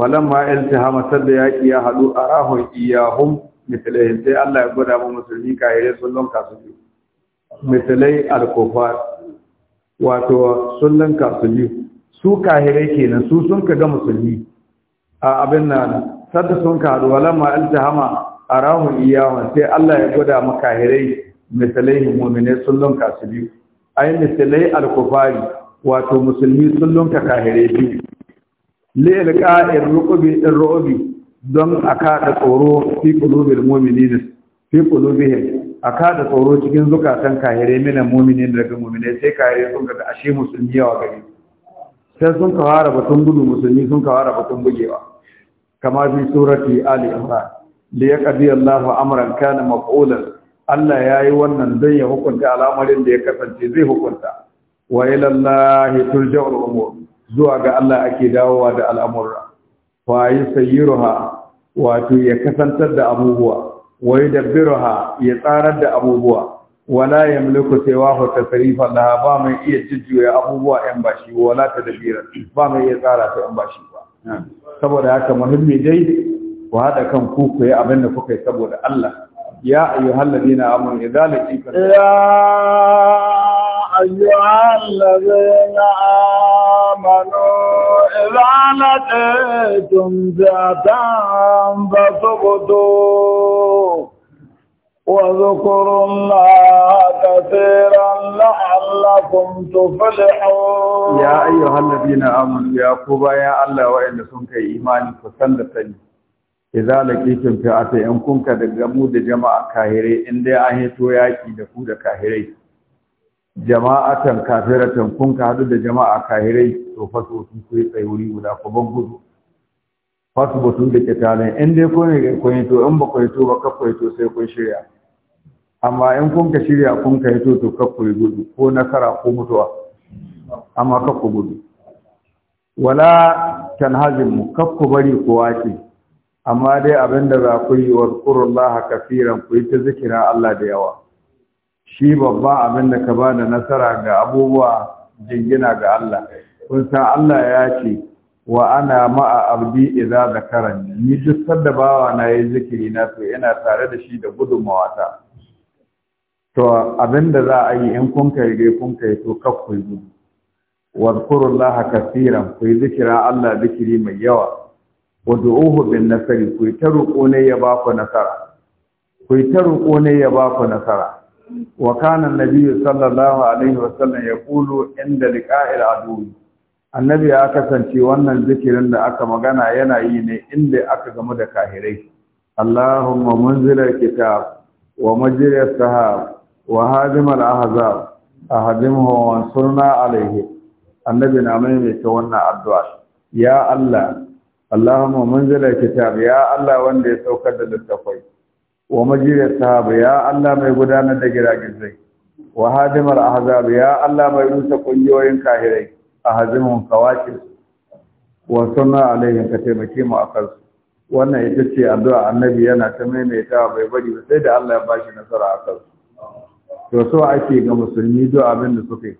falamma iltihama sadda yaki ya hadu arahum iyahum mitalai sai Allah ya gwada mu musulmi ka sun lanka su biyu mitalai al-kufar wato sun lanka su biyu su kahire kenan su sun ga musulmi a abin nan sadda sun ka hadu falamma iltihama arahum iyahum sai Allah ya gwada mu kahirai mitalai mu'mine sun lanka su biyu ay mitalai al-kufari wato musulmi sun lanka kahire biyu li'ilqa'ir ruqbi ar-ru'bi don a kada tsoro fi qulubil mu'minin fi qulubihim a kada tsoro cikin zukatan kahire mina mu'minin daga mu'minai sai kahire sun ga ashe musulmi yawa gari sai sun kawara batun gudu musulmi sun kawara batun bugewa kama fi surati ali imran li yaqdi allah amran kana maf'ulan Allah ya yi wannan don ya hukunta al'amarin da ya kasance zai hukunta wa ilallahi turja'ul umur zuwa ga Allah ake dawowa da al'amurra fa ruha wato ya kasantar da abubuwa wa yudabbiruha ya tsarar da abubuwa wala ya yamliku sawahu sarifa na ba mai iya jujjuya abubuwa yan bashi wala ta tadbira ba mai iya tsara ta yan bashi ba saboda haka muhimmi dai ku haɗa kan ku ku yi abin da kuka yi saboda Allah ya ayyuhallabi na amanu ya laqitum Ayyuhallar zai na amana, za'a naje tumfiyar na Allah Ya ayyo Halaqi Ko baya Allah, wa'inda kuka yi imani ku san da tari, ku zala kifin ta'adda 'yankunka da kamu da jama'a a kahirai, inda an heto yaƙi da ku da kahirai. jama'atan kafiratan kun ka hadu da jama'a kahirai to fasu sun ku tsaye wuri guda ku ban gudu fasu ba da ke kitalin in dai ko ne kun to in ba kun to ba ka kun to sai kun shirya amma in kun ka shirya kun ka to to ka kun gudu ko nasara ko mutuwa amma ka ku gudu wala hajin mu ku bari ku wace amma dai abinda za ku yi wa kurullaha kafiran ku yi ta zikira Allah da yawa shi babba abin da ka da nasara ga abubuwa jingina ga Allah kun san Allah ya ce wa ana ma'a abdi idza zakarani ni duk sanda bawa na yi zikiri na to ina tare da shi da gudunmawa ta to abin da za a yi in kun kai dai kun kai to ku yi Allah kaseeran ku yi zikira Allah zikiri mai yawa wad'uhu bin nasari ku yi ta ne ya ba ku nasara ku yi ta ne ya ba ku nasara wa kana annabi sallallahu alaihi ya yaqulu inda liqa'il adu annabi ya kasance wannan zikirin da aka magana yana yi ne inda aka gamu da kahirai Allahumma munzilal kitab wa majriyas sahab wa al ahzab ahadimhu wa ansurna alaihi annabi na mai ta wannan addu'a ya Allah Allahumma munzilal kitab ya Allah wanda ya saukar da littafai wa majiyar sahaba ya Allah mai gudanar da giragizai wa hadimar ahzab ya Allah mai rusa ƙungiyoyin kahirai a hazimin kawakis wa sunna alaihim ka taimake mu a su wannan ita ce addu'a annabi yana ta maimaitawa bai bari ba sai da Allah ya bashi nasara a su to so ake ga musulmi duk abin da suke?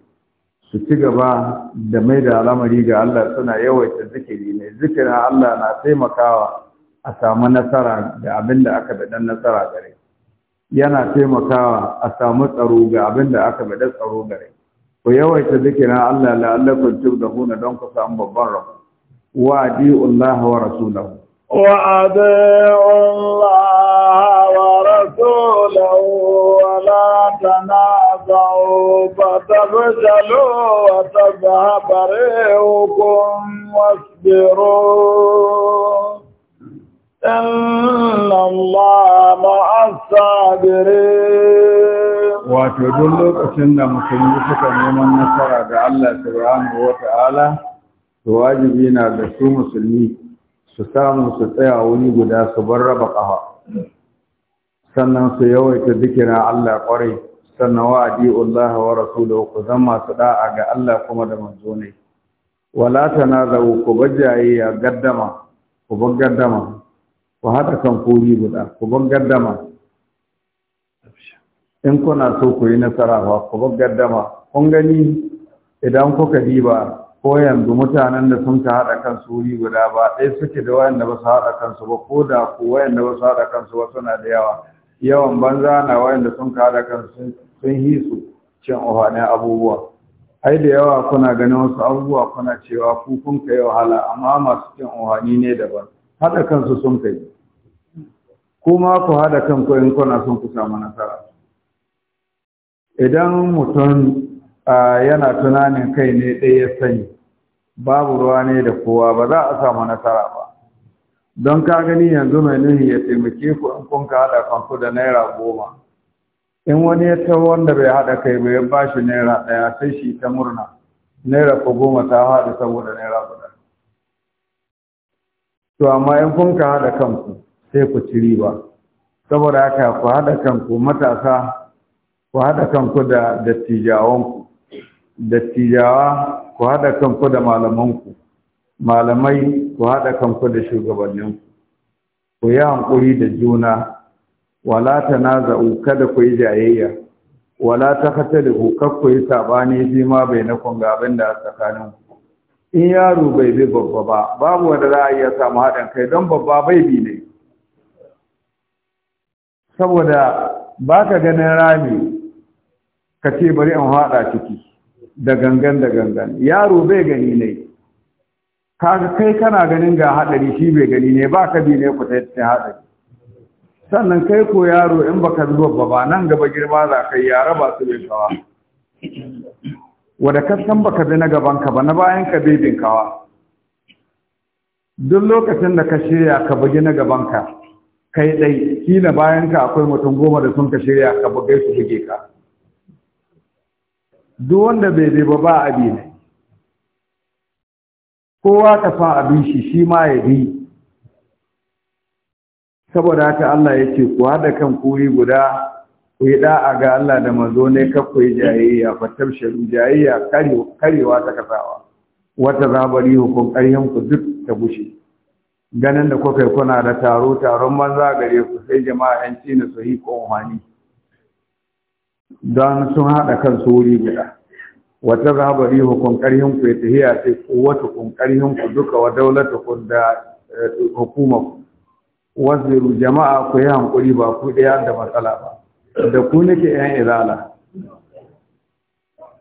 su ci gaba da mai da al'amari ga Allah suna yawaita zikiri mai zikirin Allah na taimakawa a samu nasara da abin da aka dan nasara gare yana taimakawa a samu tsaro ga abin da aka dan tsaro gare ku yawaita zikirin Allah la'allakum tuflihuna don ku samu babban rabu wa adi'u Allah wa rasulahu wa adi'u Allah wa rasulahu wa la تنازعوا wa wasbiru inna wato duk lokacin da musulmi suka neman nasara ga Allah subhanahu wata'ala to wajibi na da su musulmi su samu su tsaya wuri guda su bar raba ƙafa. sannan su yawaita zikira Allah kwarai sannan wa'adi Allah wa rasuluhu ku zan masu da'a ga Allah kuma da manzo ne wala tanazu ku bajayya gaddama ku bar gaddama ku haɗa kan kori guda ku ban gaddama in kuna so ku yi nasara ba ku ban gaddama kun gani idan kuka diba ko yanzu mutanen da sun ka haɗa kansu wuri guda ba ɗaya suke da wayanda ba su haɗa kansu ba ko da ku wayanda ba su haɗa kansu ba suna da yawa yawan banza na wayanda sun ka haɗa kansu sun yi su cin ohanin abubuwa ai da yawa kuna ganin wasu abubuwa kuna cewa ku kun kai wahala amma masu cin ohani ne daban haɗa kansu sun kai kuma ku haɗa kanku in kuna sun ku samu nasara idan mutum yana tunanin kai ne ɗaya ya sani babu ruwa ne da kowa ba za a samu nasara ba don ka gani yanzu mai nuhi ya taimake ku in kun ka haɗa kanku da naira goma in wani ya ta wanda bai haɗa kai ba ya bashi naira ɗaya sai shi ta murna naira ku goma ta haɗu saboda naira guda to amma in kun ka haɗa kanku sai ku ci riba saboda haka ku haɗa kanku matasa ku haɗa kanku da dattijawanku dattijawa ku haɗa kanku da malamanku malamai ku haɗa kanku da shugabanninku ku yi hankuri da juna wala ta tanaza'u kada ku yi jayayya wala ta hukar kakku yi saɓani shi ma na kunga abin da tsakaninku in yaro bai bi babba ba babu wanda za a iya samu haɗin kai don babba bai bi ne saboda ba ka ganin rami ka ce bari in haɗa ciki da gangan da gangan yaro bai gani ne kaga kai kana ganin ga haɗari shi bai gani ne ba ka bi ne ku ta haɗari sannan kai ko yaro in baka zuwa babba nan gaba girma za kai yara ba su bai kawa wadda ka san baka bi na gaban ba na bayan ka bai binkawa duk lokacin da ka shirya ka bugi na gaban ka kai dai kila bayan ka akwai mutum goma da sun ka shirya ka bugai su buge ka duk wanda bai bi ba ba abi ne kowa ka fa abin shi shi ma ya bi saboda haka Allah ya ce ku kan kuri guda ku yi da'a ga Allah da manzo ne ka ku yi jayayya fa tabshiru jayayya karewa ta kasawa wata zabari hukum ƙaryan ku duk ta bushe ganin da kuka yi kuna da taro taron manza gare ku sai jama'a yan cina su yi ko wani don sun haɗa kan wuri guda wata zabari hukum ƙaryan ku ya tahiya sai kowace kun ƙaryan ku duka wa daulata da eh, hukumar ku wasu jama'a ku yi hankuri ba ku ɗaya da matsala ba da ku nake yan izala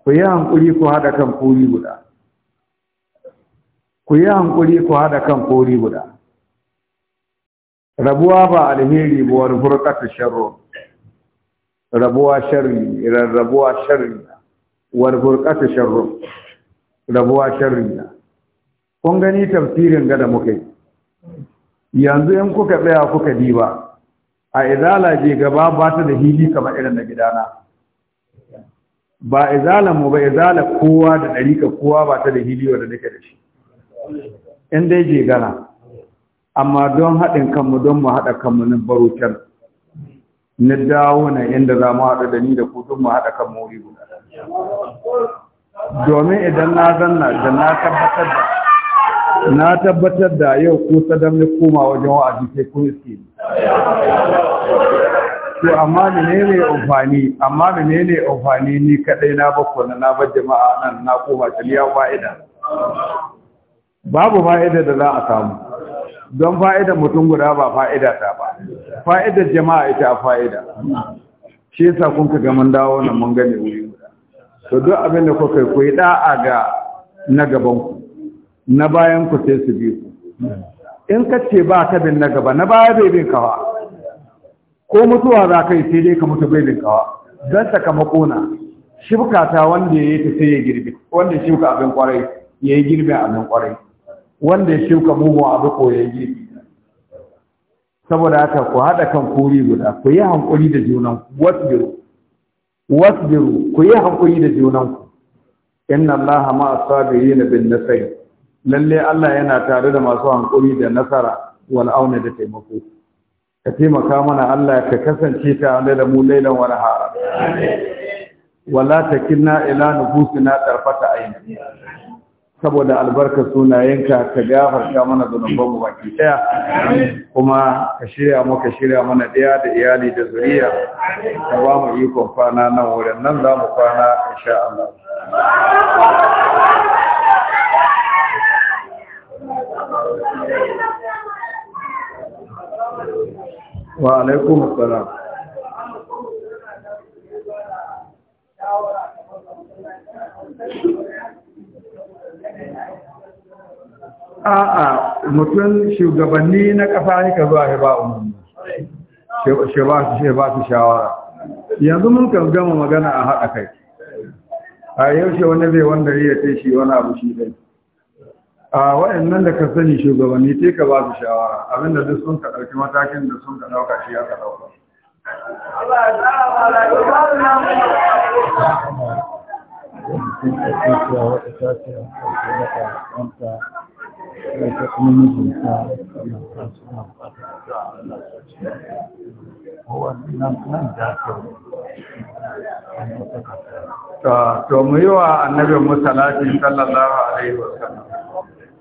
ku yi hankuri ku haɗa kan kori guda ku yi hankuri ku haɗa kan kori guda rabuwa ba alheri ba wani furkata sharro rabuwa sharri rabuwa sharri wani furkata sharro rabuwa sharri na kun gani tafsirin ga da muke, yanzu in kuka tsaya kuka diba a izala je gaba ba ta da hili kamar irin na gidana ba izala mu ba izala kowa da ɗarika kowa ba ta da hili wanda nake da shi in dai je gana amma don haɗin kanmu don mu haɗa kanmu na baro can na dawo na inda za mu haɗa da ni da ku don mu haɗa kanmu wuri guda domin idan na zanna da na tabbatar da na tabbatar da yau ko sadam ne koma wajen wa'azi sai kun iske ni to amma menene amfani amma menene amfani ni kadai na bakko na bar jama'a nan na koma taliya fa'ida babu fa'ida da za a samu don fa'ida mutum guda ba fa'ida ta ba fa'idar jama'a ita fa'ida shi yasa kun ka ga mun dawo nan mun gane wuri guda to duk abin da kuka koyi da'a ga na gaban ku na bayan ku sai su bi ku in ka ce ba ka bin na gaba na baya bai bin kawa ko mutuwa za ka yi sai dai ka mutu bai bin kawa don sakamako na shibka ta wanda ya yi ta sai ya girbi wanda ya shibka abin kwarai ya yi girbi abin kwarai wanda ya shibka mugun abu ko ya yi girbi saboda haka ku haɗa kan kuri guda ku yi hankuri da junan wasbiru wasbiru ku yi hankuri da junan ku inna allaha ma'a sabirin bin nasai lalle Allah yana tare da masu hankuri da nasara wal auna da taimako ka taimaka mana Allah ka kasance tare da mu lailan wa nahara wala kinna ila nufusina tarfata aini saboda albarka sunayenka ka gafarta mana zunubanmu baki ɗaya. kuma ka shirya mu ka shirya mana ɗaya da iyali da zuriya ka ba mu ikon kwana nan wurin nan za mu kwana insha Allah wa alaikum a a'a mutum shugabanni na ƙasa ne ka zuwa ba umarni shi su shawara yanzu mun kan gama magana a haɗa kai a yaushe wani zai wanda ya ce shi wani abu shi dai a wayannan da ka sani shugabanni sai ka ba su shawara abinda duk sun ka ɗauki matakin da sun ka ɗauka shi ya ka ɗauka To, mu yi wa annabin musalati sallallahu Alaihi wasallam.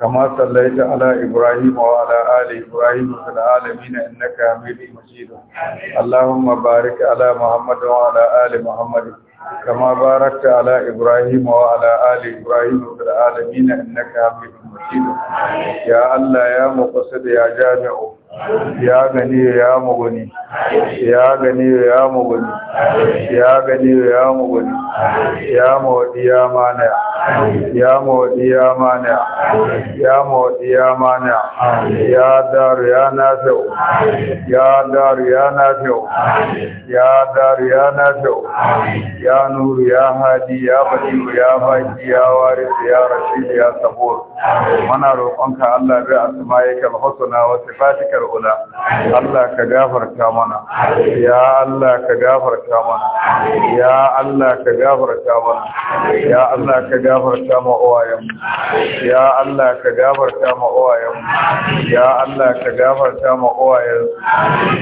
كما صليت على إبراهيم وعلى آل إبراهيم في العالمين إنك حميد مجيد اللهم بارك على محمد وعلى آل محمد كما باركت على إبراهيم وعلى آل إبراهيم في العالمين إنك حميد مجيد يا الله يا مقصد يا جامع يا غني يا مغني يا غني يا مغني يا غني يا مغني يا مودي يا مانع ya ya mana ya ya mana ya dar ya nafi'u ya dar ya nafi'u ya dar ya nafi'u ya nuru ya hadi ya badiu ya baki ya waris ya rashid ya sabur muna roƙonka Allah bi asma'ika al-husna wa sifatika al-ula Allah ka gafarta mana ya Allah ka gafarta mana ya Allah ka gafarta mana ya Allah ka gafarta gafarta ya Allah ka gafarta ma uwayen ya Allah ka gafarta ma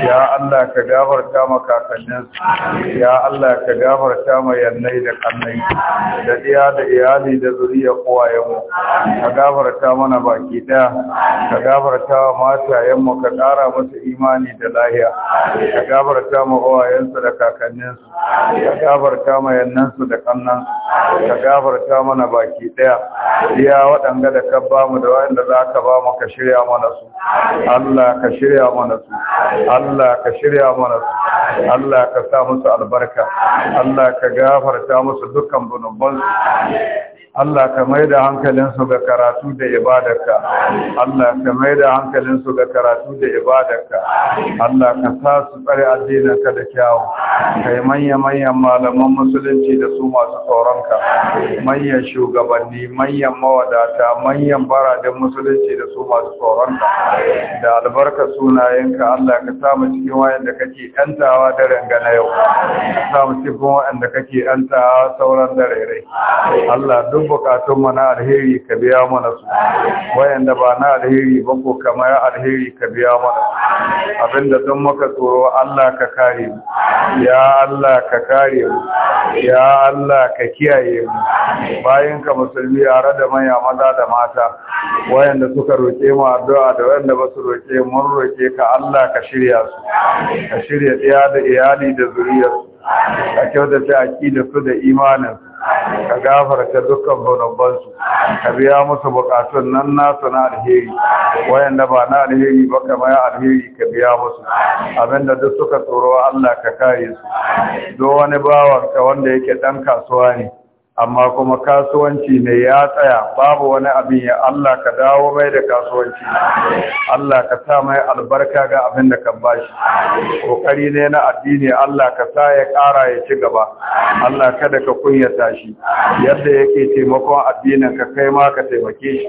ya Allah ka gafarta ma kakannin ya Allah ka gafarta ma da kannai da iya da iyali da zuriya uwayen ka gafarta mana baki daya ka gafarta ma matayen mu ka ƙara musu imani da lahiya ka gafarta ma uwayen su da kakannin su ka gafarta ma su da kannan ka gafarta ma mana baki daya ya waɗanga da ka ba mu da waɗanda za ka ba mu ka shirya mana su Allah ka shirya mana su Allah ka shirya mana su Allah ka sa musu albarka Allah ka gafarta musu dukkan bunubansu Allah ka mai da hankalinsu ga karatu da ibadarka Allah ka mai da hankalinsu ga karatu da ibadarka Allah ka sa su tsare addininka da kyau kai manya-manyan malaman musulunci da su masu tsoronka manyan shugabanni manyan mawadata manyan baradin musulunci da su masu tsoronka da albarka sunayenka Allah ka sa mu cikin wayan da kake kantawa da rangana yau sa mu cikin waɗanda kake yanta sauran darairai Allah duk bukatun mu na alheri ka biya mana su wayanda ba na alheri ba ko kamar alheri ka biya mana abinda don muka tsoro Allah ka kare mu ya Allah ka kare mu ya Allah ka kiyaye mu bayan ka musulmi a da manya maza da mata wayanda suka roke mu addu'a da wayanda ba su roke mun roke ka Allah ka shirya su ka shirya ɗaya da iyali da zuriyar ka kyautata da su da imanin ka gafarta dukkan zunuban ka biya musu bukatun nan nasu na alheri wayanda ba na alheri ba kamar alheri ka biya musu abinda duk suka tsoro Allah ka kare su Do wani bawanka wanda yake dan kasuwa ne amma kuma kasuwanci ne ya tsaya babu wani abin ya Allah ka dawo mai da kasuwanci Allah ka sa mai albarka ga abin da kan bashi kokari ne na addini Allah ka sa ya ƙara ya ci gaba Allah kada ka kunyata shi yadda yake taimakon addinin ka kai ma ka taimake shi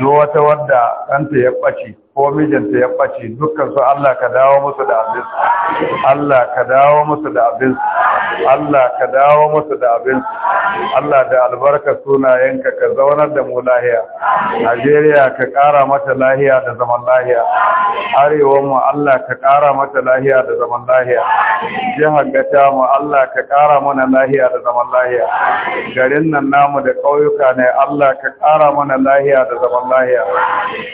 duk wata wadda kanta ya ɓace ko mijinta ya ɓace dukkan su Allah ka dawo musu da abin Allah ka dawo musu da abin Allah ka dawo musu da abin Allah da albarka sunayenka ka zaunar da mu lahiya Najeriya ka ƙara mata lahiya da zaman lahiya arewa mu Allah ka ƙara mata lahiya da zaman lahiya jihar gata mu Allah ka ƙara mana lahiya da zaman lahiya garin nan namu da ƙauyuka ne Allah ka ƙara mana lahiya da zaman lahiya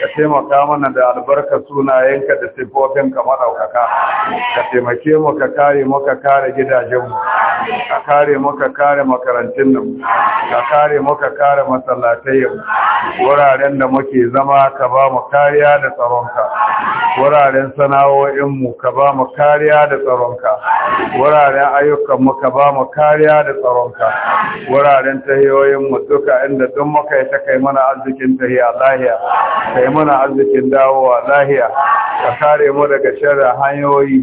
ka taimaka mana da albarka sunayenka da sifofinka maɗaukaka ka taimake mu ka kare mu ka kare gidajenmu ka kare mu ka kare makarantunmu ka kare mu ka kare masallatayenmu wuraren da muke zama ka ba mu kariya da tsaronka wuraren sana'o'inmu ka ba mu kariya da tsaronka wuraren ayyukanmu ka ba mu kariya da tsaronka wuraren tahiyoyinmu duka inda duk muka yi ta kai mana arzikin tahiya lahiya kai mana arzikin dawo wa lahiya ka kare mu daga sharrin hanyoyi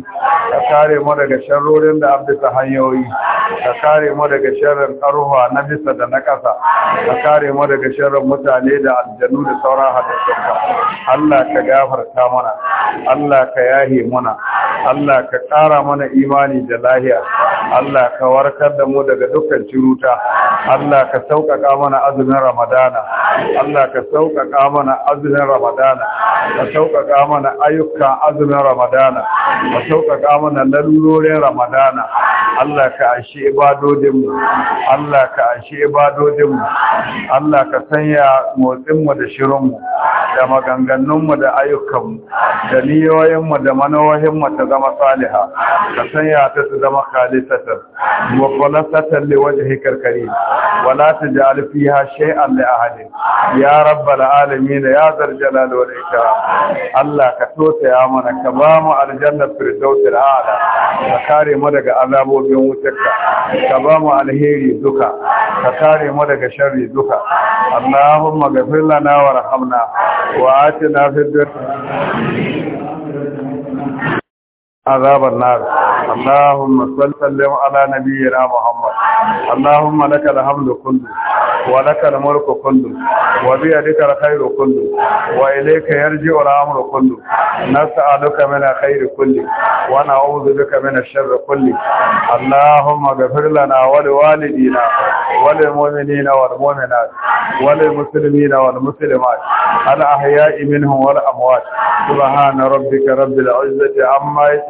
ka kare mu daga sharrorin da abdisa hanyoyi ka kare mu daga sharrin karuwa na bisa da na ƙasa ka kare mu daga sharrin mutane da aljanu da sauran halittunka Allah ka gafarta mana Allah ka yahe muna Allah ka ƙara mana imani da lahiya Allah ka warkar da mu daga dukkan ciruta Allah ka sauƙaƙa mana azumin Ramadana Allah ka sauƙaƙa mana azumin Ramadana ka sauƙaƙa mana ayyukan azumin Ramadana ka sauƙaƙa mana lalurorin Ramadana Allah ka ashe ibadodinmu Allah ka ashe ibadodinmu Allah ka sanya motsinmu da shirinmu da maganganunmu da ayyukanmu da niyoyinmu da manohinmu ta zama saliha ka sanya ta ta zama khalisatan wa khalasatan li wajhikal wala wa la taj'al fiha shay'an li ahadin ya rabbal alamin ya zal jalal wal ikram Allah ka tosaya mana ka ba mu aljanna firdausil a'la ka kare mu daga azabobin wutarka ka ba mu alheri duka ka kare mu daga sharri duka Allahumma ghfir lana warhamna wa atina fid dunya عذاب النار اللهم صل وسلم على نبينا محمد اللهم لك الحمد كله ولك الملك كله وبيدك الخير كله واليك يرجع الامر كله نسالك من الخير كله ونعوذ بك من الشر كله اللهم اغفر لنا ولوالدينا وللمؤمنين والمؤمنات وللمسلمين والمسلمات الاحياء منهم والاموات سبحان ربك رب العزه عما يصفون